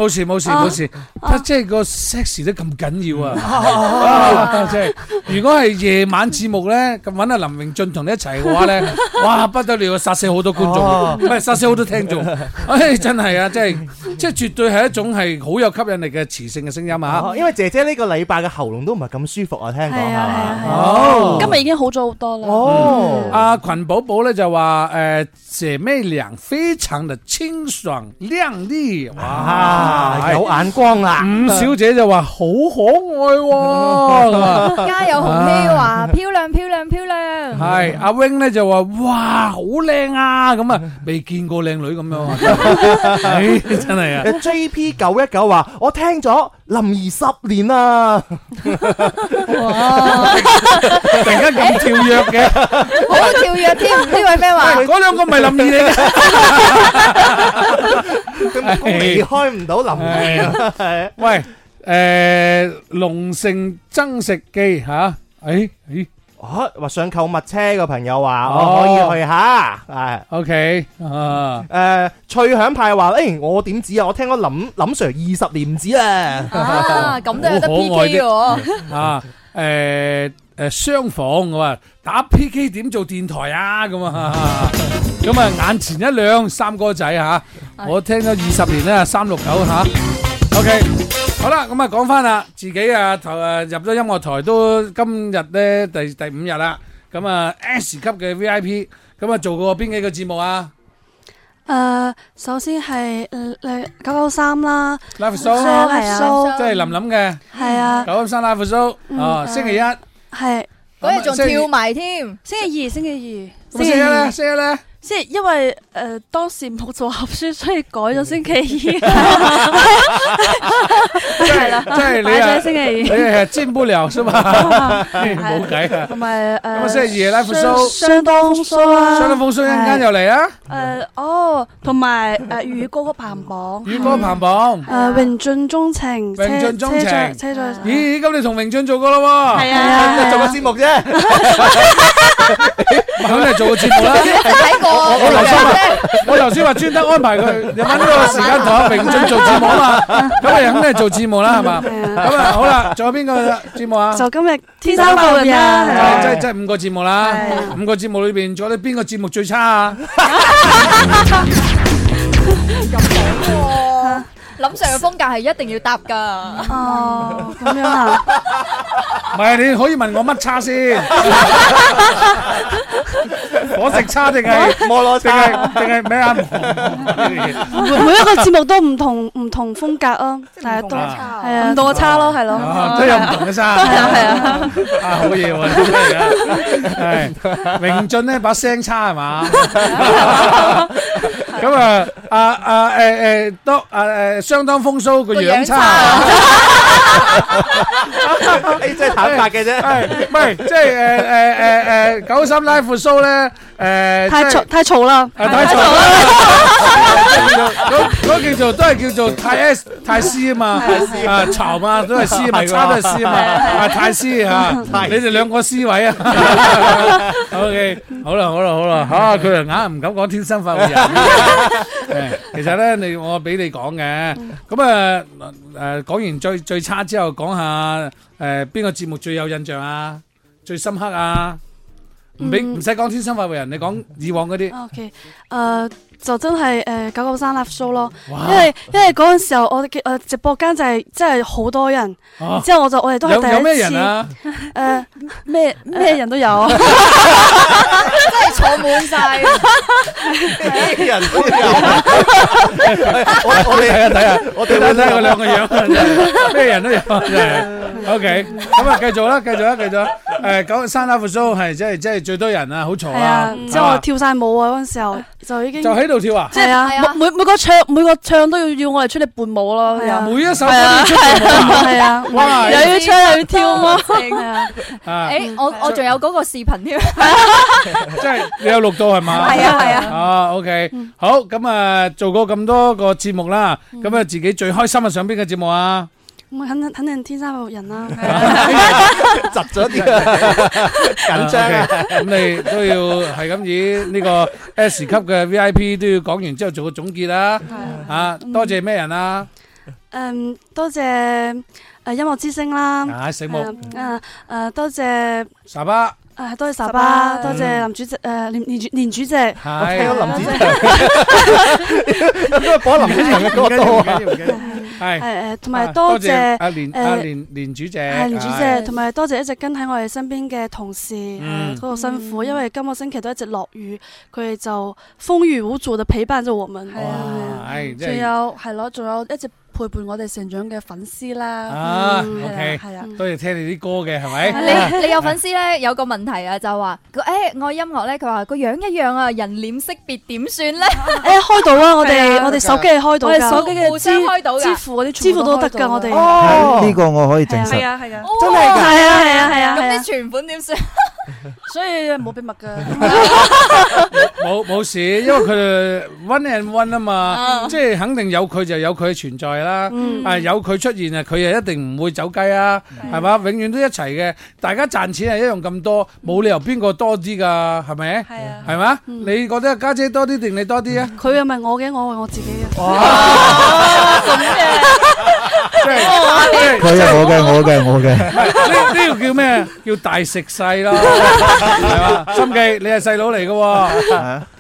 事冇事冇事，即、啊、係、啊啊啊、個 sex 都咁緊要啊！即、啊、係、 [LAUGHS] [LAUGHS] 就是、如果係夜晚節目咧，咁揾阿林明俊同你一齊嘅話咧，哇不得了，殺死好多觀眾，唔係殺死好多聽眾、啊 [LAUGHS] 哎，真係啊，即係即係絕對係一種係好有吸引力嘅磁性嘅聲音啊，啊！因為姐姐呢個禮拜嘅喉嚨都唔係咁舒服啊，聽講係嘛？啊、哦，今日已經好咗好多啦。哦，阿群寶寶咧就話，誒、呃，姐妹娘非常的清爽靚啲、啊，哇，有眼光啦、哎、五小姐就話好可愛、哦，喎、嗯，家有紅熙話漂亮漂亮漂亮。係阿 Wing 咧就話，哇，好靚啊，咁啊未見過靚女咁樣 [LAUGHS] 真啊，真係啊。JP 九一九話，我聽咗林兒十年啦。哇！ [LAUGHS] 突然間咁跳躍嘅，好跳躍添，呢位咩話？嗰兩個唔係林二嚟嘅，都離開唔到林二啊！喂，誒，龍城增食機吓，誒誒，啊，話上購物車嘅朋友話，我可以去吓，係，OK，誒，翠響派話，誒，我點止啊？我聽講林林 Sir 二十年唔止啦，啊，咁都係得 PK 嘅，啊。誒誒，雙房我話打 PK 點做電台啊，咁啊，咁啊，眼前一亮，三哥仔吓，我聽咗二十年咧，三六九吓，OK，好啦，咁啊，講返啦，自己啊，頭誒入咗音樂台都今日咧第第五日啦，咁啊 S 級嘅 VIP，咁啊做過邊幾個節目啊？誒，首先係嚟九九三啦，live show 係啊，即係琳琳嘅係啊，九九三 live show 哦，星期一係嗰日仲跳埋添，星期二星期二，星期一星期一。即係因為誒、呃、當時冇做合書，所以改咗星期二係啦，即 [LAUGHS] 係、嗯嗯嗯嗯就是、你啊星期二係佔不了、嗯，是吧？冇計同埋誒，星期二嚟復蘇，相當復蘇，相當復蘇，一陣間又嚟啊！誒、呃嗯啊啊嗯呃、哦，同埋誒粵語歌曲排行榜，粵語歌曲排行榜誒，榮俊鍾情，榮俊鍾情、情、啊啊，咦？咁你同榮俊做過咯喎？係啊，啊，啊，做個節目啫。咁 [LAUGHS] 你、啊、做個節目啦。我頭先話，我頭先話專登安排佢，你搵 [LAUGHS] 呢個時間同阿永俊做節目啊嘛，咁啊肯定係做節目啦，係 [LAUGHS] 嘛是吧？咁 [LAUGHS] 啊好啦，仲有邊個節目啊？就今日天生酷啊！即係即係五個節目啦，五個節目裏邊仲有啲邊個節目最差啊？咁講喎！林 Sir 嘅風格係一定要答噶，哦、嗯，咁樣啊，唔係、啊、你可以問我乜差先？ [LAUGHS] 我食差定係摩羅差，定係定係咩啊？每一個節目都唔同唔 [LAUGHS] 同風格不同的啊，係啊，差，係、嗯、啊，多差咯，係、啊、咯，真有唔同嘅差，係啊，係 [LAUGHS] [LAUGHS] [LAUGHS] 啊，啊好嘢，係啊，係， [LAUGHS] 榮俊呢把聲差係嘛？ [LAUGHS] 咁啊，阿阿誒誒，當阿誒相當風騷個樣差，誒真係坦白嘅啫，係，唔係即係誒誒誒誒，九十拉闊 show 咧誒，太嘈太嘈啦，太嘈啦，嗰嗰叫做都係叫做太 S 太 C 啊嘛，啊嘈啊都係 C，差都係 C 啊，太 C 啊，你哋兩個 C 位啊，OK，好啦好啦好啦，嚇佢哋硬係唔敢講天生發福人。 [LAUGHS] 其實呢，我給你我俾你講嘅，咁啊，誒，講完最最差之後，講下誒邊個節目最有印象啊，最深刻啊。唔使講天生發福人，你講以往嗰啲。O K，誒，就真係，誒、呃、九九三 live show 咯，因為因為嗰陣時候我嘅誒直播間就係真係好多人，之、啊、後我就我哋都係第一次，有咩人呀？誒咩咩人都有，真係坐滿晒，咩人都有。我睇下睇下，我睇睇睇我兩個樣，咩人都有。O K，咁啊，繼續啦，繼續啦，繼續啦。誒，講《Shine Up Show》，係即係即係最多人啊，好嘈啊。之後我跳晒舞啊，嗰陣時候就已經就喺度跳啊。係啊，每每個唱每個唱都要要我哋出嚟伴舞咯。係啊，每一首都要唱。係啊，又要唱又要跳咯。係啊。誒，我我仲有嗰個視頻添。即係你有錄到係嘛？係啊係啊。啊，O K，好，咁啊，做過咁多個節目啦，咁啊，自己最開心啊，上邊個節目啊？咁啊，肯肯定天生白人啦，集咗啲緊張，咁 [LAUGHS] 你張、啊、 [LAUGHS] 都要係咁以呢個 S 級嘅 VIP 都要講完之後做個總結啦、啊啊，啊、嗯，多謝咩人啊？嗯，多謝誒、呃、音樂之星啦、啊，啊醒目，誒誒、呃、多謝傻巴，誒、啊，多謝沙巴，多謝林主席，誒、呃，連連主席，我林主席，應該講林主席嘅多啲，係誒，同埋多謝阿連阿連連主席，連主席，同埋多謝一直跟喺我哋身邊嘅同事，嗰、嗯啊、辛苦、嗯，因為今個星期都一直落雨，佢哋就風雨無阻地陪伴住我們，係，仲、啊、有係咯，仲有，有一隻。陪伴我哋成長嘅粉絲啦，OK，係啊，嗯、okay, 多謝聽你啲歌嘅，係咪？你有你有粉絲咧，有個問題啊， [LAUGHS] 就話，誒、哎、愛音樂咧，佢話個樣一樣臉色啊，人臉識別點算咧？誒開到啊， [LAUGHS] 我哋我哋手機係開到嘅互相開到支付嗰啲支付都得㗎，我哋哦呢、呢個我可以證實啊，係啊、哦，真係㗎，係啊，係啊，係啊，咁啲存款點算？ [LAUGHS] 所以冇秘密噶，冇 [LAUGHS] 冇事，因為佢哋 one and one 啊嘛，啊即係肯定有佢就有佢嘅存在啦，嗯、啊有佢出現啊，佢又一定唔會走雞啊，係嘛，永遠都一齊嘅，大家賺錢係一樣咁多，冇理由邊個多啲噶，係咪？係啊，係嘛？你覺得家姐，姐多啲定你多啲啊？佢又咪我嘅？我係我自己嘅。咁嘅。 [LAUGHS] 即係佢係我嘅，我嘅，我嘅。呢呢、 [LAUGHS] 這個、叫咩？ [LAUGHS] 叫大食細咯，係啊。心 [LAUGHS] 計，你係細佬嚟㗎喎。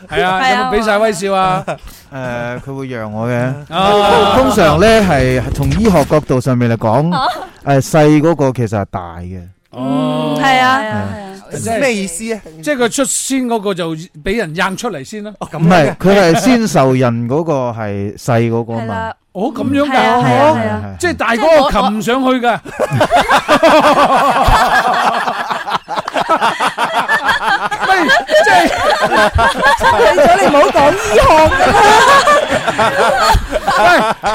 係啊，有冇俾晒微笑啊？誒、啊，佢、呃、會讓我嘅。啊啊、通常咧係從醫學角度上面嚟講，誒、啊，細、啊、嗰個其實係大嘅、嗯。哦，係啊。咩意思啊？即係佢出先嗰個就俾人印出嚟先啦。唔係，佢係先受人嗰個係細嗰個嘛。哦咁樣啊，係啊，即係、哦就是、大哥擒上去噶。 [LAUGHS] [LAUGHS] [LAUGHS] 即係。理咗你唔好講醫學。喂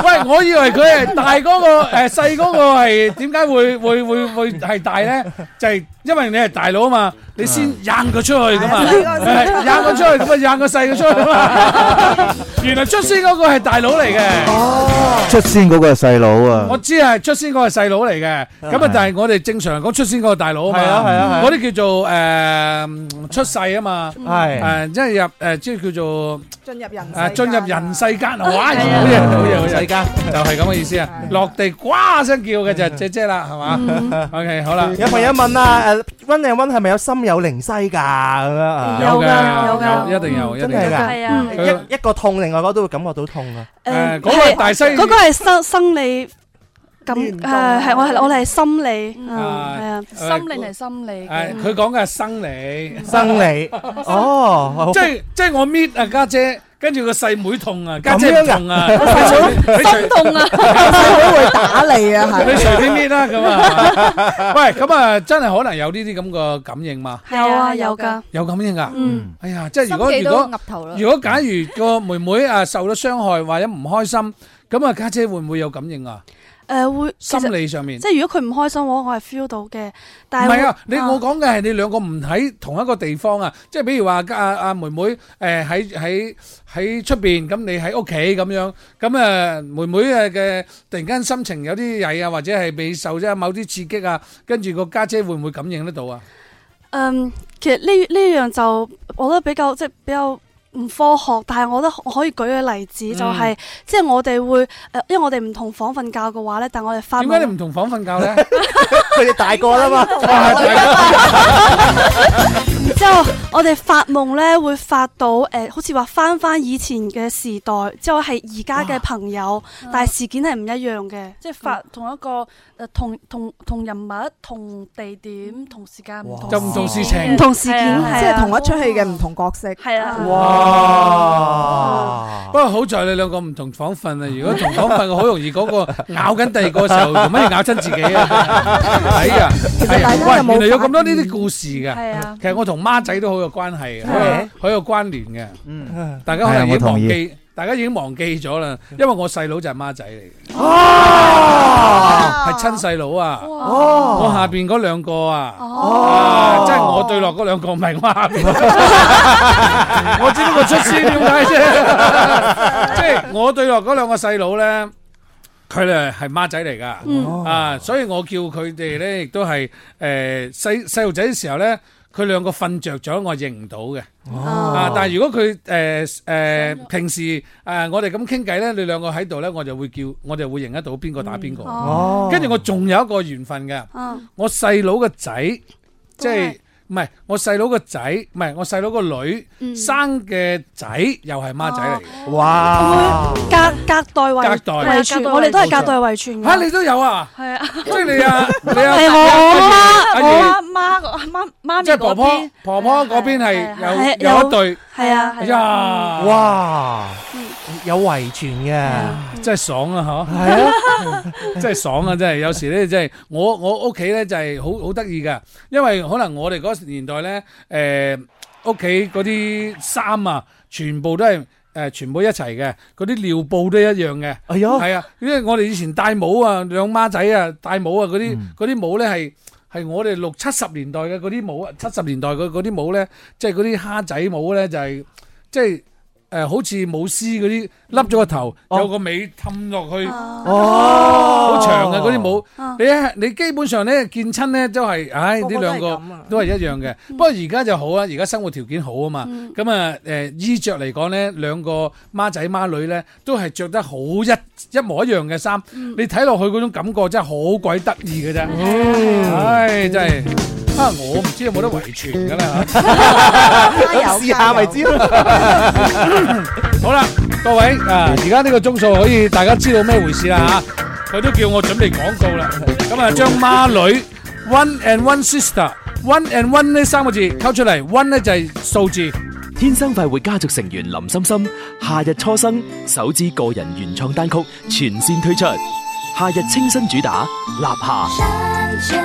喂，我以為佢係大嗰個，誒細嗰個係點解會會會會係大咧？就係因為你係大佬啊嘛，你先引佢出去噶嘛，引佢出去咁啊引個細個出去啊嘛。原來出先嗰個係大佬嚟嘅。哦，出先嗰個係細佬啊。我知係出先嗰個係細佬嚟嘅。咁啊，但係我哋正常嚟講，出先嗰個大佬啊嘛，係啊係啊，嗰啲叫做誒出世啊嘛，係。誒，即係入誒，即係叫做進入人誒，進入人世間，哇！好嘢，好嘢，世間就係咁嘅意思啊！落地呱聲叫嘅就係姐姐啦，係嘛？OK，好啦。有朋友問啊，誒，溫定溫係咪有心有靈犀噶？咁樣有噶，有噶，一定有，一定有。係啊，一一個痛，另外嗰都會感覺到痛啊。誒，嗰個係大西，嗰個係生生理。咁誒，係我係我哋係心理，係啊，心理係心理。誒，佢講嘅係生理，生理哦，即係即係我搣啊家姐，跟住個細妹痛啊，家姐痛啊，心痛啊，細妹會打你啊，係咪？你隨便搣啦，咁啊，喂，咁啊，真係可能有呢啲咁嘅感應嘛？有啊，有噶，有感應噶。嗯，哎呀，即係如果如果額頭啦，如果假如個妹妹啊受咗傷害或者唔開心，咁啊家姐會唔會有感應啊？誒會心理上面，即係如果佢唔開心，我我係 feel 到嘅。但係唔係啊？你我講嘅係你兩個唔喺同一個地方啊！即係比如話阿阿妹妹誒喺喺喺出邊，咁你喺屋企咁樣，咁誒妹妹嘅嘅突然間心情有啲曳啊，或者係被受咗某啲刺激啊，跟住個家姐會唔會感應得到啊？嗯，其實呢呢樣就我覺得比較即係比較。唔科學，但係我覺得我可以舉嘅例子就係、是，嗯、即係我哋會誒，因為我哋唔同房瞓覺嘅話咧，但係我哋返，點解你唔同房瞓覺咧？佢哋大個啦嘛。之後我哋發夢咧會發到誒、呃，好似話翻翻以前嘅時代，之後係而家嘅朋友，但係事件係唔一樣嘅，即係發同一個誒同同同人物、同地點、同時間唔就唔同事情，唔、啊、唔同事件，即係、就是、同一出戲嘅唔同角色。係啊。哇！不過好在你兩個唔同房瞓啊，如果同房瞓，好 [LAUGHS] 容易嗰個咬緊第二個，時候同乜嘢咬親自己啊？係 [LAUGHS] 啊、哎。其實大家又冇。原來有咁多呢啲故事嘅，係啊。其實我同媽。孖仔都好有關係，好有關聯嘅。嗯，大家可能已經忘記，大家已經忘記咗啦。因為我細佬就係孖仔嚟嘅，係親細佬啊。哦，我下邊嗰兩個啊，即係我對落嗰兩個唔係孖。我只不過出先啲啫，即係我對落嗰兩個細佬咧，佢哋係孖仔嚟噶。啊，所以我叫佢哋咧，亦都係誒細細路仔嘅時候咧。佢兩個瞓着咗，我認唔到嘅。啊，但係如果佢誒誒平時誒、呃、我哋咁傾偈咧，你兩個喺度咧，我就會叫我就會認得到邊個打邊個、嗯、哦，跟住我仲有一個緣分嘅、哦。我細佬嘅仔即係。唔係我細佬個仔，唔係我細佬個女生嘅仔，又係孖仔嚟嘅，哇！隔隔代遺隔代遺傳，我哋都係隔代遺傳嘅。嚇你都有啊？係啊！即係你啊！你阿媽，阿媽媽媽媽咪嗰邊，婆婆嗰邊係有有一對，係啊係啊！哇，有遺傳嘅，真係爽啊！嗬，係啊，真係爽啊！真係有時咧，真係我我屋企咧就係好好得意嘅，因為可能我哋嗰。年代呢，誒屋企嗰啲衫啊，全部都係誒、呃、全部一齊嘅，嗰啲尿布都一樣嘅。係、哎、啊，因為我哋以前戴帽啊，兩孖仔啊，戴帽啊，嗰啲啲帽呢係係我哋六七十年代嘅嗰啲帽啊，七十年代嗰啲帽呢，即係嗰啲蝦仔帽呢，就係即係。就係誒、呃，好似舞獅嗰啲，甩咗個頭、啊，有個尾氹落去，哦、啊，好、啊、長嘅嗰啲舞，你你基本上咧見親咧都係，唉、哎，呢兩個，個、啊、都係一樣嘅。不過而家就好啦，而家生活條件好啊嘛，咁、嗯、啊，誒、呃，衣着嚟講咧，兩個孖仔孖女咧都係着得好一一模一樣嘅衫、嗯，你睇落去嗰種感覺真係好鬼得意嘅啫，唉、嗯哎，真係。啊、我唔知有冇得遺傳噶啦，試 [LAUGHS] 下咪知咯。 [LAUGHS] 好啦，各位啊，而家呢個鐘數可以大家知道咩回事啦吓，佢都叫我準備廣告啦。咁啊，將孖女 one and one sister one and one 呢三個字溝出嚟，one 呢就係數字。天生快活家族成員林心心夏日初生首支個人原創單曲全線推出，夏日清新主打《立夏》。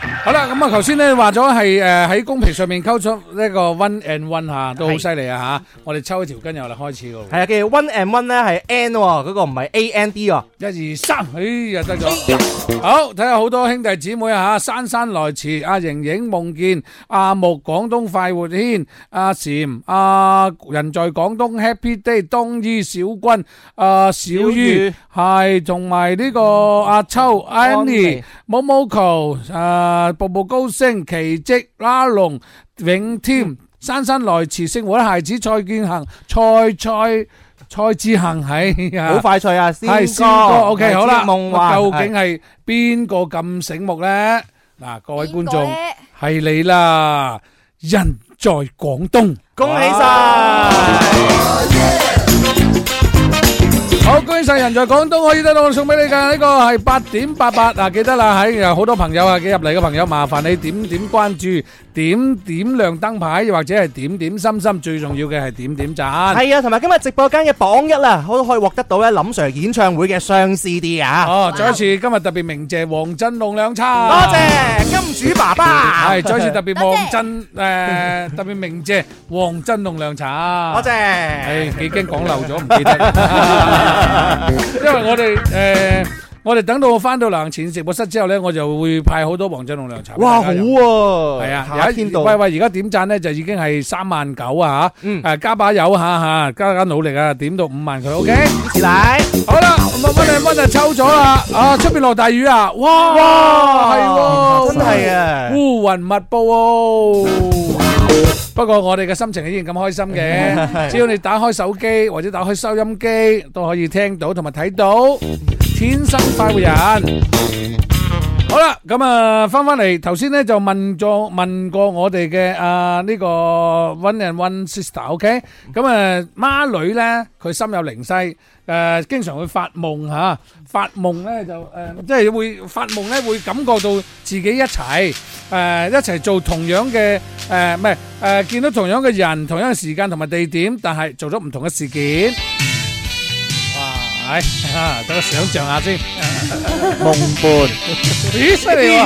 好啦，咁啊，頭先咧話咗係誒喺公屏上面溝出呢個 one and one 吓，都好犀利啊吓！我哋抽一條筋由嚟開始咯。係啊，嘅 one and one 咧係 n 嗰個唔係 a and d 啊。一二三，哎呀得咗好，睇下好多兄弟姊妹吓，姍姍來遲，阿瑩瑩夢見阿木廣東快活軒，阿禪阿人在廣東 happyday 東伊小軍，阿小雨係，同埋呢個阿秋 anniemomoco 誒。步步高升，奇跡拉龍永添，珊珊來遲。我啲孩子蔡建恒、蔡蔡蔡志恒喺，好快脆啊！先哥，OK 好啦。究竟係邊個咁醒目呢？嗱，各位觀眾係你啦！人在廣東，恭喜晒！好，恭喜晒，人在廣東可以得到我送給你的呢，這個是八點八八啊！記得啦，喺有好多朋友啊，入嚟嘅朋友，麻煩你點點關注。點點亮燈牌，又或者係點點心心，最重要嘅係點點讚。係啊，同埋今日直播間嘅榜一啦，我都可以獲得到咧。林 Sir 演唱會嘅雙 CD 啊！哦，再一次今日特別鳴謝黃振龍涼茶，多謝金主爸爸。係，再一次特別黃振，誒，特別鳴謝黃振龍涼茶，多謝。誒，幾驚講漏咗唔記得，因為我哋誒。我哋等到我翻到劉行前直播室之後咧，我就會派好多黃振龍涼茶。哇，好喎！係啊，有天到。喂喂，而家點讚咧就已經係三萬九啊吓！嗯，誒，加把油下吓，加下努力啊，點到五萬佢 OK。嚟，好啦，溫溫溫啊，抽咗啦！啊，出邊落大雨啊！哇哇，係喎，真係啊，烏雲密布哦。不過我哋嘅心情依然咁開心嘅，只要你打開手機或者打開收音機都可以聽到同埋睇到。天生快活人，好啦，咁啊翻翻嚟，頭先咧就問咗問過我哋嘅啊呢個 One and One Sister，OK，咁啊孖女咧，佢心有靈犀，誒，經常會發夢吓，發夢咧就誒，即係會發夢咧會感覺到自己一齊，誒，一齊做同樣嘅誒，唔係誒，見到同樣嘅人，同樣嘅時間同埋地點，但係做咗唔同嘅事件。係、哎、啊，等我想象下先，夢伴，咦犀利 [LAUGHS]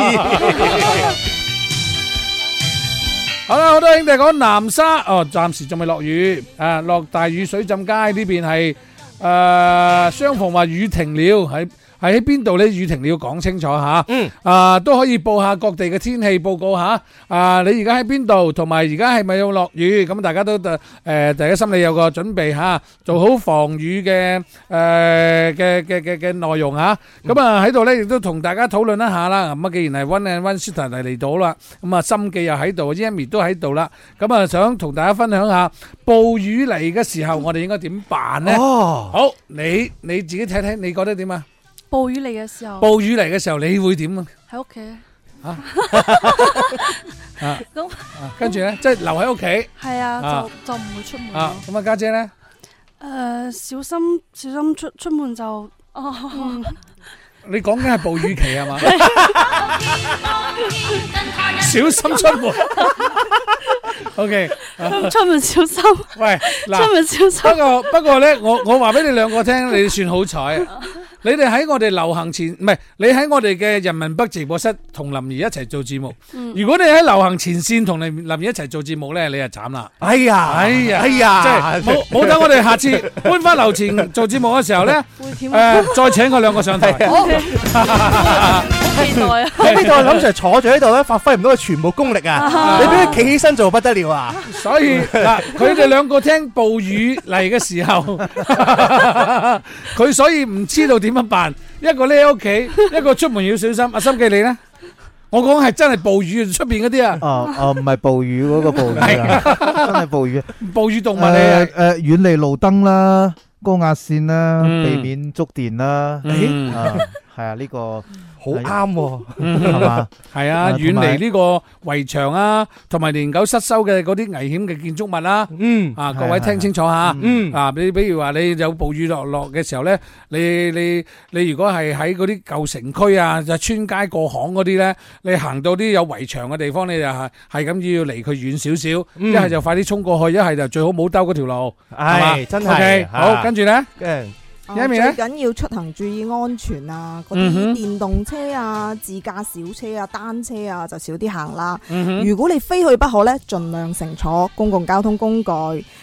好啦，好多兄弟講南沙，哦，暫時仲未落雨，啊，落大雨水浸街呢邊係，誒，雙鳳話雨停了，係。係喺邊度？呢雨停你要講清楚吓，嗯，啊都可以報下各地嘅天氣報告吓。啊，你而家喺邊度？同埋而家係咪要落雨？咁大家都誒，大家心裏有個準備吓，做好防雨嘅誒嘅嘅嘅嘅內容吓。咁啊喺度呢，亦都同大家討論一下啦。咁啊，既然係溫溫舒婷嚟到啦，咁啊心記又喺度，Yami 都喺度啦。咁啊，想同大家分享下暴雨嚟嘅時候，我哋應該點辦呢？哦，好，你你自己睇睇，你覺得點啊？暴雨嚟嘅時候，暴雨嚟嘅時候你會點啊？喺屋企啊，咁跟住咧，呢 [LAUGHS] 即係留喺屋企。係啊，就啊就唔會出門。咁啊，家姐咧，誒、呃，小心小心出出門就，哦嗯、你講緊係暴雨期係嘛？ [LAUGHS] 是 [LAUGHS] 小心出門。 [LAUGHS] [LAUGHS] o、okay, K、啊。出門小心。喂，嗱出門小心。不過不過咧，我我話俾你兩個聽， [LAUGHS] 你算好彩。 [LAUGHS] 你哋喺我哋流行前唔係，你喺我哋嘅人民北直播室同林怡一齊做節目。如果你喺流行前線同林林怡一齊做節目咧，你啊慘啦！哎呀，哎呀，哎呀，即係冇冇等我哋下次搬翻樓前做節目嘅時候咧，誒再請佢兩個上台。好期待啊！喺呢度諗住坐住喺度咧，發揮唔到佢全部功力啊！你邊啲企起身做不得了啊？所以嗱，佢哋兩個聽暴雨嚟嘅時候，佢所以唔知道點。點辦？一個匿喺屋企，一個出門要小心。阿心記你咧，我講係真係暴雨，出邊嗰啲啊。哦、啊、哦，唔係暴雨嗰個暴，係真係暴雨。那個、暴，雨 [LAUGHS] 暴，雨 [LAUGHS] 暴雨動物咧，誒、呃，遠離路燈啦，高壓線啦、嗯，避免觸電啦。誒、嗯，係啊，呢、啊這個。好啱，係、哎嗯、啊，遠離呢個圍牆啊，同埋年久失修嘅嗰啲危險嘅建築物啦、啊。嗯，啊各位聽清楚吓、嗯，啊，比如話你有暴雨落落嘅時候咧，你你你，你如果係喺嗰啲舊城區啊，就穿、是、街過巷嗰啲咧，你行到啲有圍牆嘅地方，你就係係咁要離佢遠少少，一係就快啲衝過去，一係就最好冇兜嗰條路，係、嗯、真係、okay，啊、好，跟住咧。嗯啊、最緊要是出行注意安全啊！嗰啲電動車啊、嗯、自駕小車啊、單車啊就少啲行啦、嗯。如果你非去不可呢，盡量乘坐公共交通工具、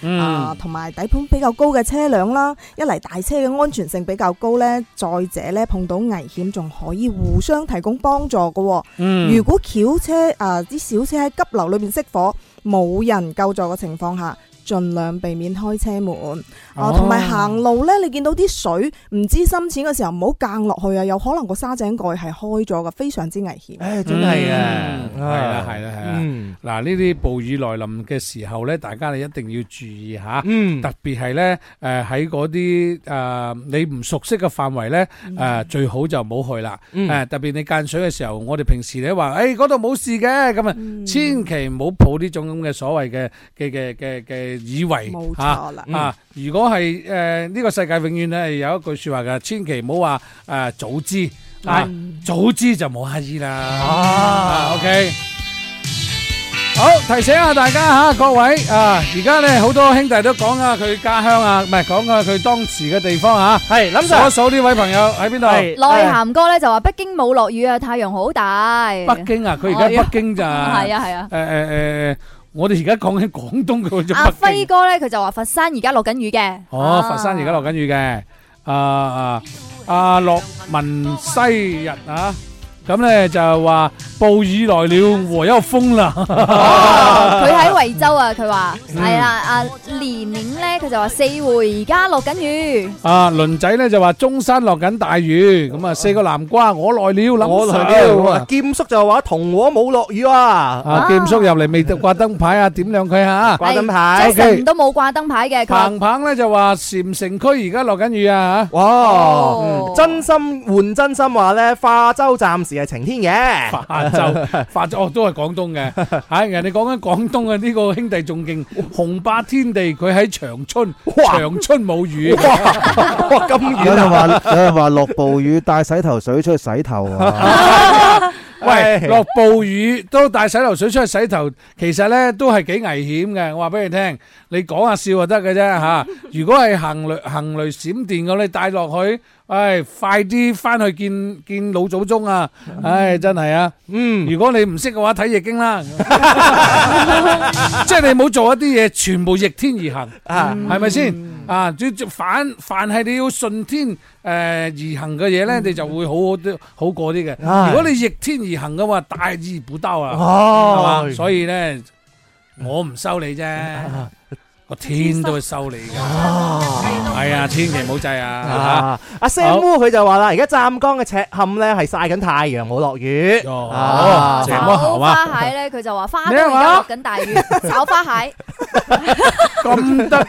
嗯、啊，同埋底盤比較高嘅車輛啦。一嚟大車嘅安全性比較高呢；再者呢，碰到危險仲可以互相提供幫助噶、啊嗯。如果轎車啊啲小車喺急流裏面熄火，冇人救助嘅情況下。盡量避免開車門啊，同埋行路咧，你見到啲水唔知深淺嘅時候，唔好降落去啊！有可能個沙井蓋係開咗嘅，非常之危險。誒，真係啊，係啦，係啦，係啦。嗱，呢啲暴雨來臨嘅時候咧，大家你一定要注意吓，嗯，特別係咧，誒喺嗰啲誒你唔熟悉嘅範圍咧，誒最好就唔好去啦，誒特別你間水嘅時候，我哋平時你話誒嗰度冇事嘅咁啊，千祈唔好抱呢種咁嘅所謂嘅嘅嘅嘅嘅。以為冇錯啦啊！如果係誒呢個世界永遠咧有一句說話嘅，千祈唔好話誒早知啊，早知就冇乞兒啦。啊，OK，好提醒下大家吓，各位啊，而家咧好多兄弟都講下佢家鄉啊，唔係講下佢當時嘅地方啊。係，我數呢位朋友喺邊度？內涵哥咧就話北京冇落雨啊，太陽好大。北京啊，佢而家北京咋？係啊係啊。誒誒誒。我哋而家講緊廣東嗰阿輝哥咧，佢就話佛山而家落緊雨嘅。哦，佛山而家落緊雨嘅。阿啊阿洛、啊啊啊、文西日啊！咁咧就話暴雨來了，我又風啦！佢喺惠州啊，佢話係啊年年咧佢就話四會而家落緊雨。啊，輪仔咧就話中山落緊大雨，咁啊四個南瓜我來了，諗住。我來了，劍叔就話同我冇落雨啊！啊，劍叔入嚟未掛燈牌啊？ [LAUGHS] 點亮佢啊！掛燈牌，成、okay，城都冇掛燈牌嘅。鵬鵬咧就話禪城區而家落緊雨啊！吓，哇、哦嗯，真心換真心話咧，化州站。是晴天嘅，化州，化州哦，都係廣東嘅。嚇，人哋講緊廣東嘅呢個兄弟仲勁，紅霸天地佢喺長春，哇，長春冇雨，哇，哇，有人話有人話落暴雨帶洗頭水出去洗頭啊，喂，落暴雨都帶洗頭水出去洗頭，其實呢都係幾危險嘅。我話俾你聽，你講下笑就得嘅啫嚇。如果係行雷行雷閃電咁，你帶落去。唉，快啲翻去見見老祖宗啊！嗯、唉，真係啊，嗯，如果你唔識嘅話，睇易經啦， [LAUGHS] [LAUGHS] 即係你冇做一啲嘢，全部逆天而行啊，係咪先啊？反凡係你要順天誒而、呃、行嘅嘢呢，你就會好好啲，好過啲嘅、哎。如果你逆天而行嘅話，大義不兜啊、哎，所以呢，我唔收你啫。哎哎個天都會收你噶，係啊，千祈唔好制啊！阿 Sam 哥佢就話啦，而家湛江嘅赤坎咧係曬緊太陽，冇落雨。炒花蟹咧，佢就話花都而家落緊大雨，炒花蟹咁得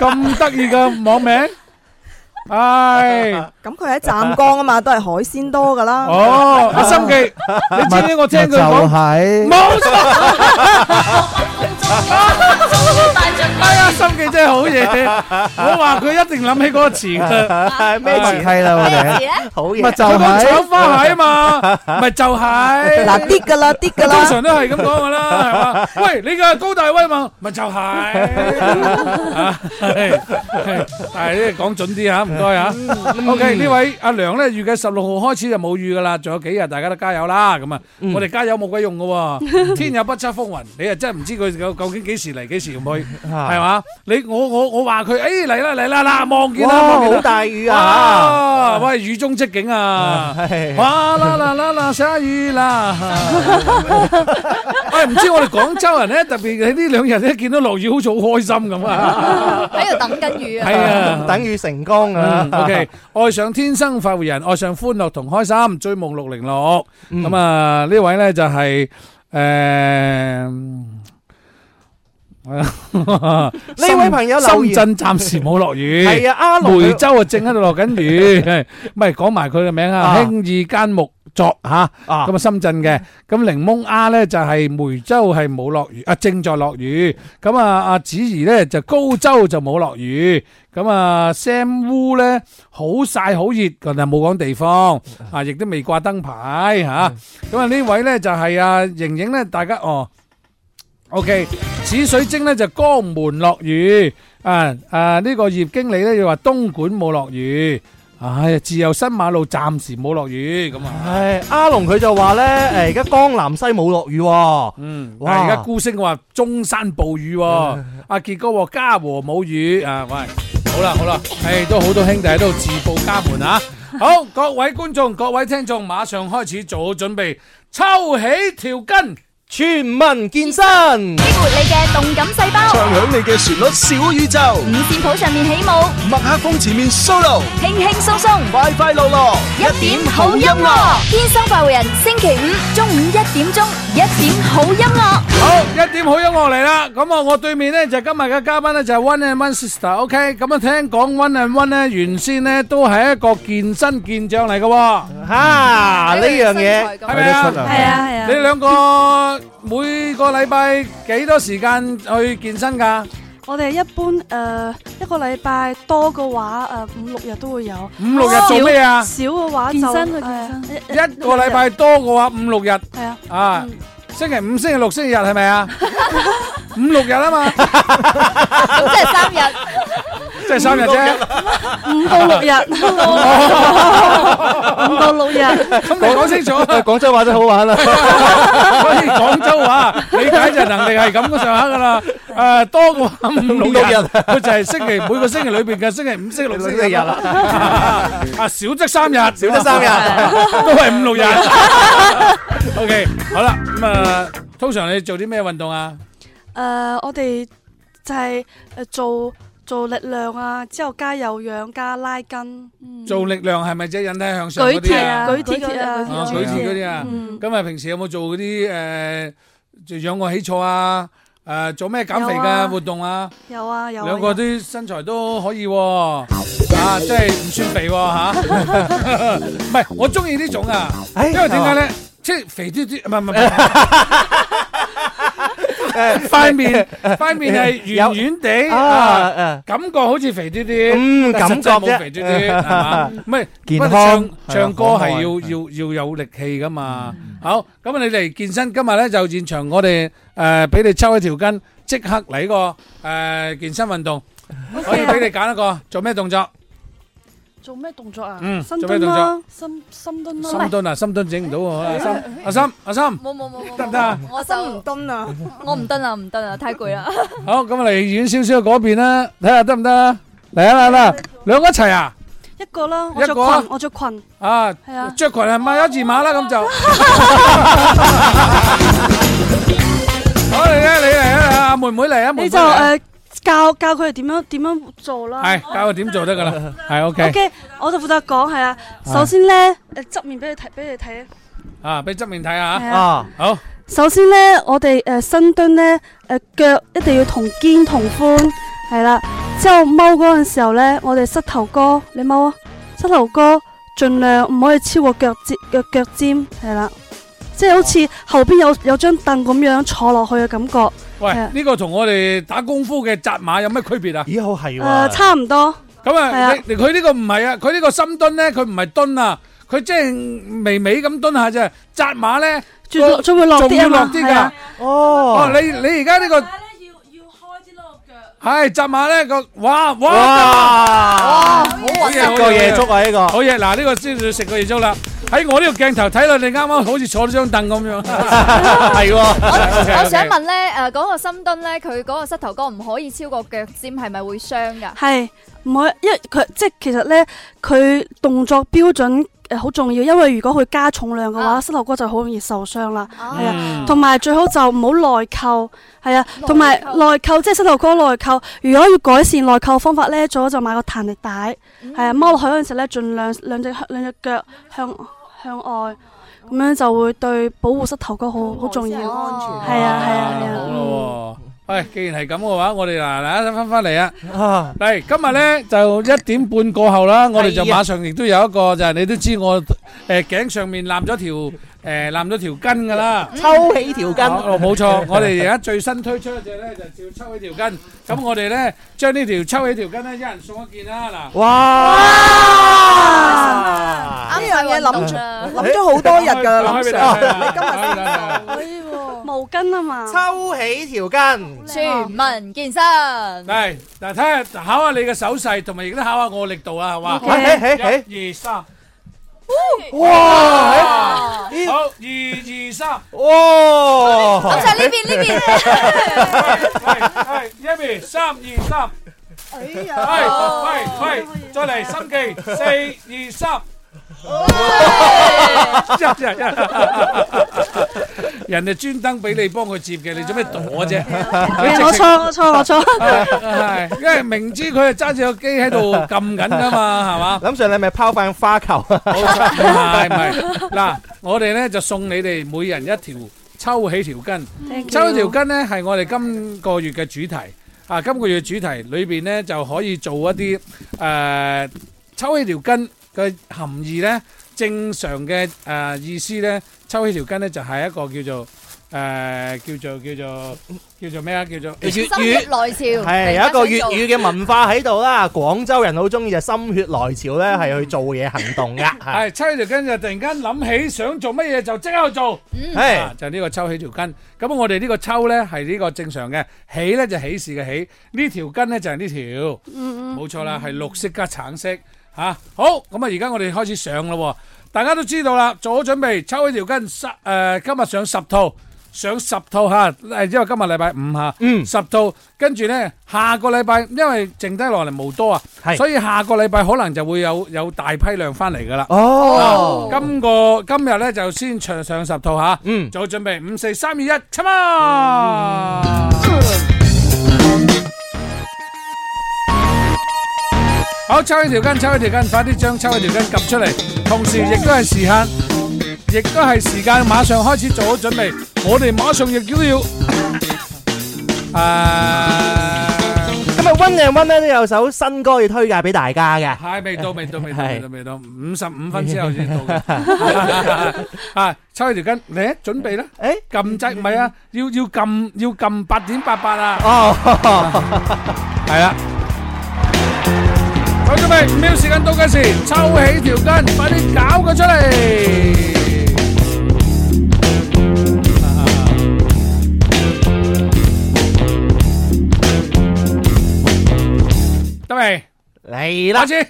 咁得意嘅網名唉，咁，佢喺湛江啊嘛，都係海鮮多噶啦。哦，阿生記，你知唔知我聽佢講？就係冇錯。啊！係啊，心記真係好嘢。我話佢一定諗起嗰個詞，係咩詞係啦？好嘢，就係。佢講炒花蟹啊嘛，咪就係。嗱啲噶啦，啲噶啦。通常都係咁講噶啦，係嘛？喂，你個高大威猛咪就係啊！但係你講準啲吓，唔該吓。O K 呢位阿娘咧，預計十六號開始就冇雨噶啦，仲有幾日，大家都加油啦。咁啊，我哋加油冇鬼用噶，天有不測風雲，你啊真係唔知佢有。究竟幾時嚟？幾時唔去？係嘛？你我我我話佢，誒嚟啦嚟啦啦，望見啦，望見好大雨啊！喂，雨中即景啊！哇啦啦啦啦，下雨啦！啊，唔知我哋廣州人咧，特別喺呢兩日咧，見到落雨好似好開心咁啊！喺度等緊雨啊！係啊，等雨成功啊！OK，愛上天生快活人，愛上歡樂同開心，追夢六零六。咁啊，呢位咧就係誒。呢位朋友，深圳暫時冇落雨，係啊，梅州啊正喺度落緊雨，唔係講埋佢嘅名啊，輕易間木作吓，咁啊深圳嘅，咁檸檬阿咧就係梅州係冇落雨，啊正在落雨，咁啊阿子怡咧就高州就冇落雨，咁啊 Sam Woo 咧好晒好熱，但係冇講地方，啊亦都未掛燈牌吓，咁啊呢位咧就係阿瑩瑩咧，大家哦。O K，紫水晶咧就江門落雨，啊啊呢個葉經理咧又話東莞冇落雨。唉自由新馬路暫時冇落雨咁啊，唉阿龍佢就話咧，誒而家江南西冇落雨，嗯，哇而家孤星話中山暴雨，阿杰哥話家和冇雨，啊喂，好啦好啦，誒都好多兄弟喺度自報家門啊，好，各位觀眾各位聽眾，馬上開始做好準備，抽起條筋。全民健身，激活你嘅動感細胞，唱響你嘅旋律小宇宙，五線譜上面起舞，麥克風前面 solo，輕輕鬆鬆，快快樂樂，一點好音樂，天生快活人，星期五中午一點鐘，一點好音樂。好，一點好音樂嚟喇。噉啊，我對面呢就係今日嘅嘉賓呢就係 One and One Sister。好，噉啊，聽講 okay? One and One 呢原先呢都係一個健身健將嚟㗎喎。吓，呢樣嘢係咪？係啊，係啊，你哋兩個。 [LAUGHS] [LAUGHS] 每個禮拜幾多時間去健身㗎？我哋一般誒，一個禮拜多嘅話誒，五六日都會有。五六日做咩啊？少嘅話就健身，去健身。一個禮拜多嘅話五六日，係啊啊。星期五、星期六、星期日係咪啊？五六日啊嘛，咁即係三日，即係三日啫。五到六日，五到六日。咁講清楚，廣州話真好玩啦！所以廣州話理解能力係咁上下噶啦。誒，多過五六日，佢就係星期每個星期裏邊嘅星期五、星期六、星期日啦。啊，少則三日，少則三日，都係五六日。OK，好啦，咁啊。誒，通常你做啲咩運動啊？誒，我哋就係誒做做力量啊，之後加有氧加拉筋。做力量係咪即係引體向上嗰啲啊？舉鐵啊，舉鐵嗰啲啊，舉鐵嗰啲啊。咁啊，平時有冇做嗰啲誒做仰臥起坐啊？誒，做咩減肥嘅活動啊？有啊，有。兩個啲身材都可以，啊，即係唔算肥吓。唔係，我中意呢種啊，因為點解咧？即係肥啲啲，唔係唔係，誒，塊面塊面係圓圓地，啊，感覺好似肥啲啲，感覺冇肥啲啲係嘛？唔係健康唱歌係要要要有力氣噶嘛？好，咁啊你嚟健身，今日咧就現場我哋誒俾你抽一條筋，即刻嚟呢個誒健身運動，可以俾你揀一個做咩動作？做咩動作啊？嗯，深蹲咯，深深蹲咯。唔係，深蹲啊，深蹲整唔到啊！阿心，阿心，冇冇冇，得唔得啊？我深唔蹲啊，我唔蹲啊，唔蹲啊，太攰啦。好，咁啊嚟遠少少嗰邊啦，睇下得唔得啦？嚟啊嚟啊，兩個一齊啊？一個啦，我着裙，我着裙。啊，係啊，着裙啊，係咪一字馬啦咁就。好，你咧，你嚟啊，阿妹妹嚟啊，你就誒。教教佢哋點樣點樣做啦，係教佢點做得噶啦，係 O K。O K，我就負責講係啊。首先咧，誒側面俾你睇，俾你睇啊。啊，俾側面睇下啊。哦，好。首先咧，我哋誒深蹲咧，誒腳一定要同肩同寬係啦。之後踎嗰陣時候咧，我哋膝頭哥你踎啊，膝頭哥盡量唔可以超過腳尖，腳腳尖係啦。即係好似後邊有有張凳，咁樣坐落去嘅感覺。喂，呢個同我哋打功夫嘅紮馬有咩區別啊？以、哎、好係誒、啊，差唔多。咁啊，佢呢個唔係啊，佢呢個深蹲咧，佢唔係蹲啊，佢即係微微咁蹲下啫。紮馬咧，仲要落啲啊，仲要落啲噶。哦，哦，你你而家呢個。啊係，浸下咧個，哇哇哇，哇，好嘢，食個夜粥啊！呢個好嘢，嗱呢個先至食個夜粥啦。喺我呢個鏡頭睇到你啱啱好似坐咗張凳咁樣，係 [LAUGHS] [LAUGHS] 我。 [LAUGHS] 我想問咧，誒，講個深蹲咧，佢嗰個膝頭哥唔可以超過腳尖，係咪會傷噶？係，唔可以，因為佢即係其實咧，佢動作標準。誒、呃，好重要，因為如果佢加重量嘅話，啊、膝頭哥就好容易受傷啦，係啊，同埋、啊、最好就唔好內扣，係啊，同埋內扣即係膝頭哥內扣。如果要改善內扣方法咧，最好就買個彈力帶，係、嗯、啊，踎落去嗰陣時咧，盡量兩隻兩隻腳向向外，咁樣就會對保護膝頭哥好好重要，係啊，係啊，係啊。喂，既然係咁嘅話，我哋嗱嗱一陣翻翻嚟啊！嚟今日咧就一點半過後啦，我哋就馬上亦都有一個就係，你都知我誒頸上面攬咗條誒攬咗條筋噶啦，抽起條筋。哦，冇錯，我哋而家最新推出一隻咧，就叫抽起條筋。咁我哋咧將呢條抽起條筋咧，一人送一件啦。嗱，哇！呢樣嘢諗出啦，諗咗好多日噶啦，諗上。條筋啊嘛，抽起條筋，全民健身。嚟，嗱睇下，考下你嘅手勢，同埋亦都考下我力度啊，係嘛？二三，哇！二二二三，哇！咁就呢邊呢邊，係係係，一面三二三，哎呀，係係係，再嚟心機，四二三。人哋專登俾你幫佢接嘅，你做咩躲啫？我錯，我錯，我錯。係，因為明知佢係揸住個機喺度撳緊㗎嘛，係嘛？諗上，你咪拋翻花球。唔係唔係，嗱，我哋咧就送你哋每人一條抽起條筋。抽起條筋咧係我哋今個月嘅主題啊！今個月主題裏邊咧就可以做一啲誒抽起條筋嘅含義咧，正常嘅誒意思咧。抽起條筋呢，就係一個叫做誒、呃，叫做叫做叫做咩啊？叫做粵語心血來潮，係有一個粵語嘅文化喺度啦。廣州人好中意就心血來潮咧，係去做嘢，行動噶。係、嗯、抽起條筋就突然間諗起想做乜嘢就即刻做，係、嗯、就呢、是、個抽起條筋。咁我哋呢個抽咧係呢是這個正常嘅，起咧就是、起事嘅起。呢條筋咧就係呢條，冇錯啦，係、嗯、綠色加橙色。吓、啊，好，咁啊，而家我哋開始上咯。大家都知道啦，做好準備，抽起條筋，十、呃、今日上十套，上十套吓，誒因為今日禮拜五嚇，嗯，十套，跟住呢，下個禮拜，因為剩低落嚟冇多啊，所以下個禮拜可能就會有有大批量翻嚟噶啦，哦，今個今日呢，就先上上十套吓，嗯，做好準備，五四三二一，出、嗯、啊！好，抽起條筋，抽起條筋，快啲將抽起條筋撳出嚟。同時亦都係時間，亦都係時間，馬上開始做好準備。我哋馬上亦都要。啊，今日 One and One 咧都有首新歌要推介俾大家嘅。未到，未到，未到，未到，五十五分之後先到。啊，抽起條筋嚟，準備啦。誒，撳掣唔係啊，要要撳，要撳八點八八啊。哦，係啊。準備，五秒時間到嘅時，抽起條筋，快啲搞佢出嚟。得未？嚟啦！先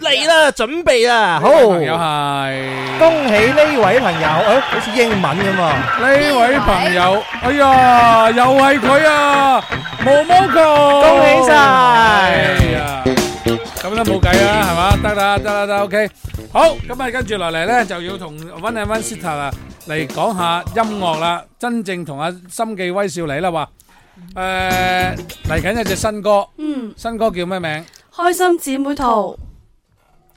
嚟啦，準備啦！好，又係恭喜呢位朋友。誒，好似英文咁啊！呢位朋友，哎呀，又係佢啊！Momoko，恭喜晒！哎呀！咁都冇計啊，係嘛？得啦，得啦，得。OK。好，咁啊，跟住落嚟咧，就要同溫欣溫師太啦嚟講下音樂啦。真正同阿心記威少你啦話，誒嚟緊有隻新歌，嗯，新歌叫咩名？開心姊妹圖。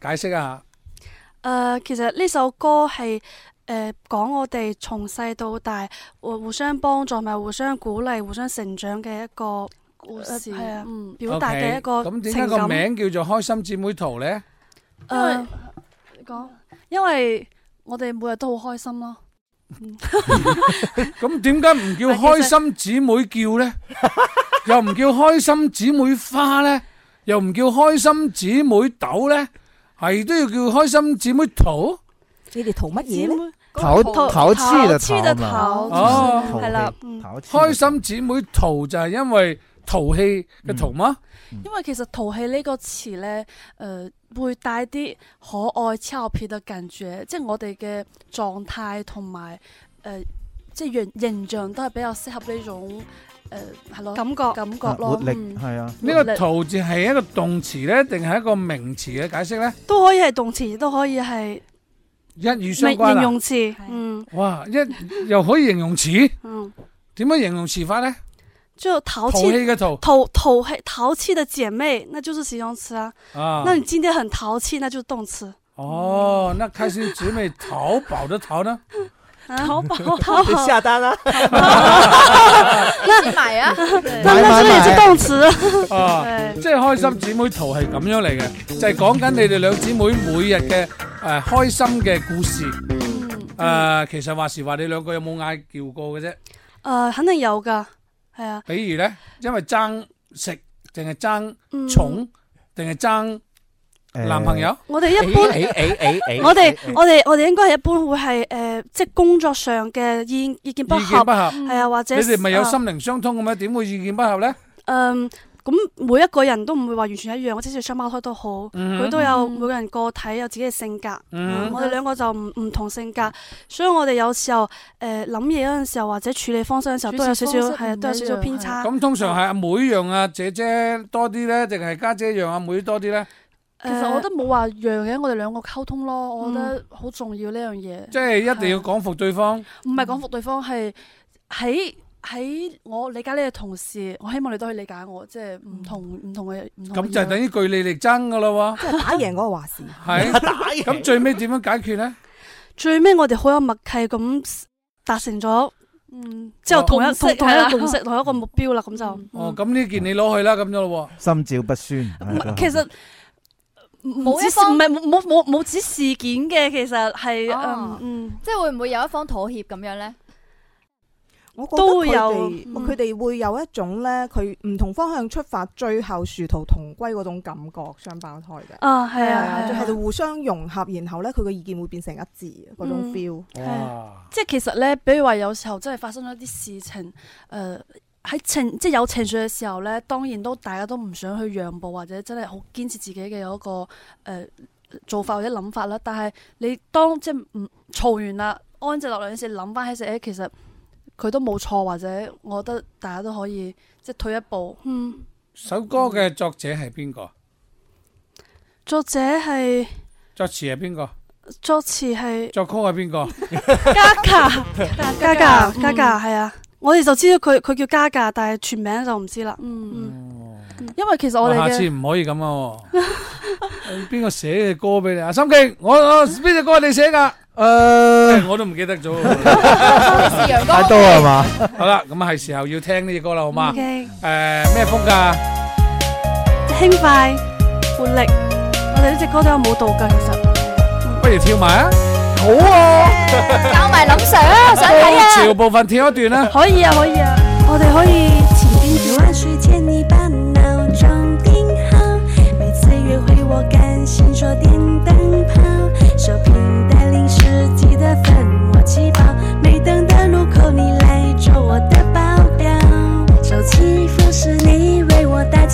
解釋一下。誒、呃，其實呢首歌係誒講我哋從細到大互互相幫助，咪互相鼓勵，互相成長嘅一個。故事係啊，表達嘅一個情感。咁點解個名叫做開心姊妹圖咧？因為，你講，因為我哋每日都好開心咯。咁點解唔叫開心姊妹叫咧？又唔叫開心姊妹花咧？又唔叫開心姊妹豆咧？係都要叫開心姊妹圖？你哋圖乜嘢咧？圖圖，黐就黐啦。哦，係啦，開心姊妹圖就係因為。陶器嘅陶嘛、嗯嗯？因為其實陶器呢個詞咧，誒、呃，會帶啲可愛、俏皮嘅感覺，即、就、係、是、我哋嘅狀態同埋，誒、呃，即、就、係、是、形，形象都係比較適合呢種，誒，係咯，感覺感覺咯，係啊。呢、嗯，這個陶字係一個動詞咧，定係一個名詞嘅解釋咧？都可以係動詞，都可以係一語相關形容詞，嗯。哇，一又可以形容詞，嗯。點樣形容詞法咧？就淘氣，淘個淘，淘淘氣嘅姐妹，那就是形容詞啊。啊，那你今天很淘氣，那就是動詞。哦，那開心姐妹淘寶的淘呢？淘 [LAUGHS] 寶，淘寶下單啦。那買啊，那那是不是也是動詞啊？哦，即係開心姐妹淘係咁樣嚟嘅，就係講緊你哋兩姊妹每日嘅誒開心嘅故事。嗯。誒、呃，其實話時話，你兩個有冇嗌叫過嘅啫？誒、嗯，肯、嗯、定、呃、有噶。係啊，比如咧，因為爭食定係爭寵，定係爭男朋友？嗯嗯、我哋一般， [LAUGHS] 我哋我哋我哋應該係一般會係誒、呃，即係工作上嘅意意見不合，係啊，或者你哋咪有心靈相通咁樣，點、啊、會意見不合咧？嗯。咁每一個人都唔會話完全一樣，我即使雙胞胎都好，佢、嗯、都有每個人個體、嗯、有自己嘅性格。嗯、我哋兩個就唔唔同性格，所以我哋有時候誒諗嘢嗰陣時候或者處理方式嘅時候都有少少係啊，都有少少偏差。咁通常係阿妹讓阿姐姐多啲咧，定係家姐讓阿妹、妹多啲咧、呃？其實我都冇話讓嘅，我哋兩個溝通咯、嗯，我覺得好重要呢樣嘢。即係一定要講服對方，唔係講服對方，係喺。喺我理解你嘅同事，我希望你都可以理解我，即係唔同唔同嘅唔同。咁、嗯、就等於據理力爭噶咯即係打贏嗰個話事。係打贏。咁最尾點樣解決咧？ [LAUGHS] 最尾我哋好有默契咁達成咗，嗯，之後同一同、哦、同一個共識、啊、同，同一個目標啦，咁、嗯、就、嗯嗯。哦，咁呢件你攞去啦，咁樣咯。心照不宣。其實冇一方唔係冇冇冇冇事件嘅，其實係、啊、嗯即係會唔會有一方妥協咁樣咧？我覺得佢哋都會有，佢哋會有一種咧，佢唔同方向出發，最後殊途同歸嗰種感覺。雙胞胎嘅啊，係啊，最後就互相融合，然後咧佢個意見會變成一致嗰、嗯、種 feel。即、啊、係其實咧，比如話有時候真係發生咗一啲事情，誒、呃、喺情即係有情緒嘅時候咧，當然都大家都唔想去讓步，或者真係好堅持自己嘅嗰個誒做法或者諗法啦。但係你當即係唔嘈完啦，安靜落嚟嗰時諗翻起時咧，其實。佢都冇錯，或者我覺得大家都可以即係、就是、退一步。嗯，首歌嘅作者係邊個？作者係作詞係邊個？作詞係作，作曲係邊個？Gaga，Gaga，Gaga，係啊！我哋就知道佢佢叫 Gaga，但係全名就唔知啦、嗯嗯。嗯，因為其實我哋下次唔可以咁啊！邊個寫嘅歌俾你啊？心機，我我邊隻歌係你寫噶？誒、呃欸，我都唔記得咗。太多係嘛？好啦，咁啊係時候要聽呢隻歌啦，好嗎？誒、okay，咩、呃、風噶？輕快活力，我哋呢隻歌都有舞蹈噶，其實。不如跳埋啊！好啊，教、yeah, 埋 [LAUGHS] 林 sir 啊， [LAUGHS] 想睇啊！潮部分跳一段啦，啊。 [LAUGHS] 可以啊，可以啊，我哋可以前跳。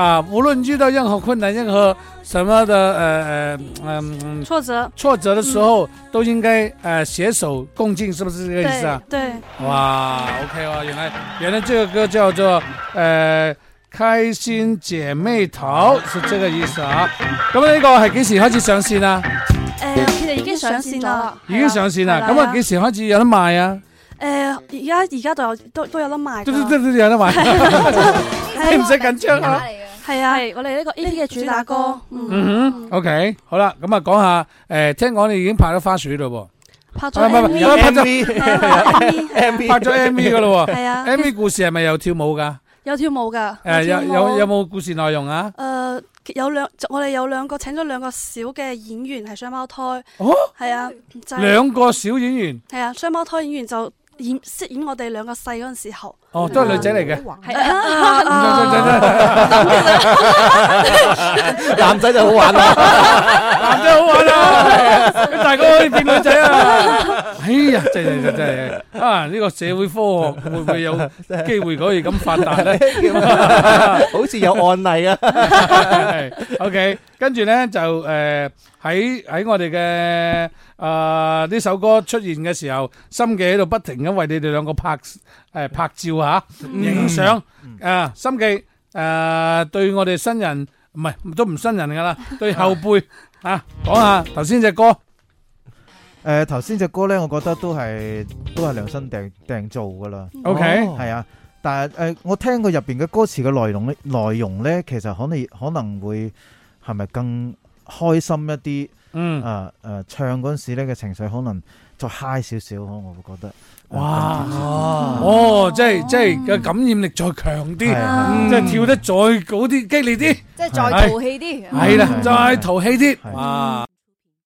啊，無論遇到任何困難、任何什麼的，呃，呃，嗯，挫折，挫折的時候，嗯、都應該呃携手共進，是不是這個意思啊？對。對哇，OK 哦，原來原來這個歌叫做呃《開心姐妹淘》，嗯，是這個意思啊？咁呢個係幾時開始上線啊？誒、欸，其實已經上線咗啦，已經上線啦。咁啊，幾、啊、時開始有得賣啊？誒、欸，而家而家都有都都有得賣，對對對對有得賣，你唔使緊張啊。 [MUSIC] [MUSIC] 欸係啊，係、啊、我哋呢個 A P 嘅主，主打歌。嗯哼嗯，OK，好啦，咁啊講下，誒，聽講你已經拍咗花絮咯喎，拍咗 M V，拍咗 M V，拍咗 M V 噶咯、啊、喎。係 [LAUGHS] 啊，M V、啊啊、故事係咪有跳舞噶？有跳舞噶。誒、啊，有有有冇故事內容啊？誒、呃，有兩，我哋有兩個請咗兩個小嘅演員係雙胞胎。哦、啊。係啊，就兩個小演員。係啊，雙胞胎演員就。演飾演我哋兩個細嗰陣時候，哦，都係女仔嚟嘅，係啊，男仔就好玩啦，男仔好玩啦，大哥可以變女仔啊！哎呀，真真真真啊！呢個社會科學會唔會有機會可以咁發達咧？好似有案例啊！OK，跟住咧就誒喺喺我哋嘅。誒，呢首歌出現嘅時候，心記喺度不停咁為你哋兩個拍誒拍照吓，影相。誒，心記誒，對我哋新人唔係都唔新人噶啦，對後輩啊，講下頭先隻歌。誒，頭先隻歌咧，我覺得都係都係量身訂訂造噶啦。OK，係啊，但係誒，我聽過入邊嘅歌詞嘅內容咧，內容咧，其實可能可能會係咪更開心一啲？嗯，誒、呃、誒、呃，唱嗰陣時咧嘅情緒可能再 high 少少，我會覺得，哇，嗯、哇哦，哦，即係、哦、即係嘅感染力再強啲，嗯嗯，即係跳得再高啲，激烈啲，即係再淘氣啲，係啦，嗯，再淘氣啲，哇！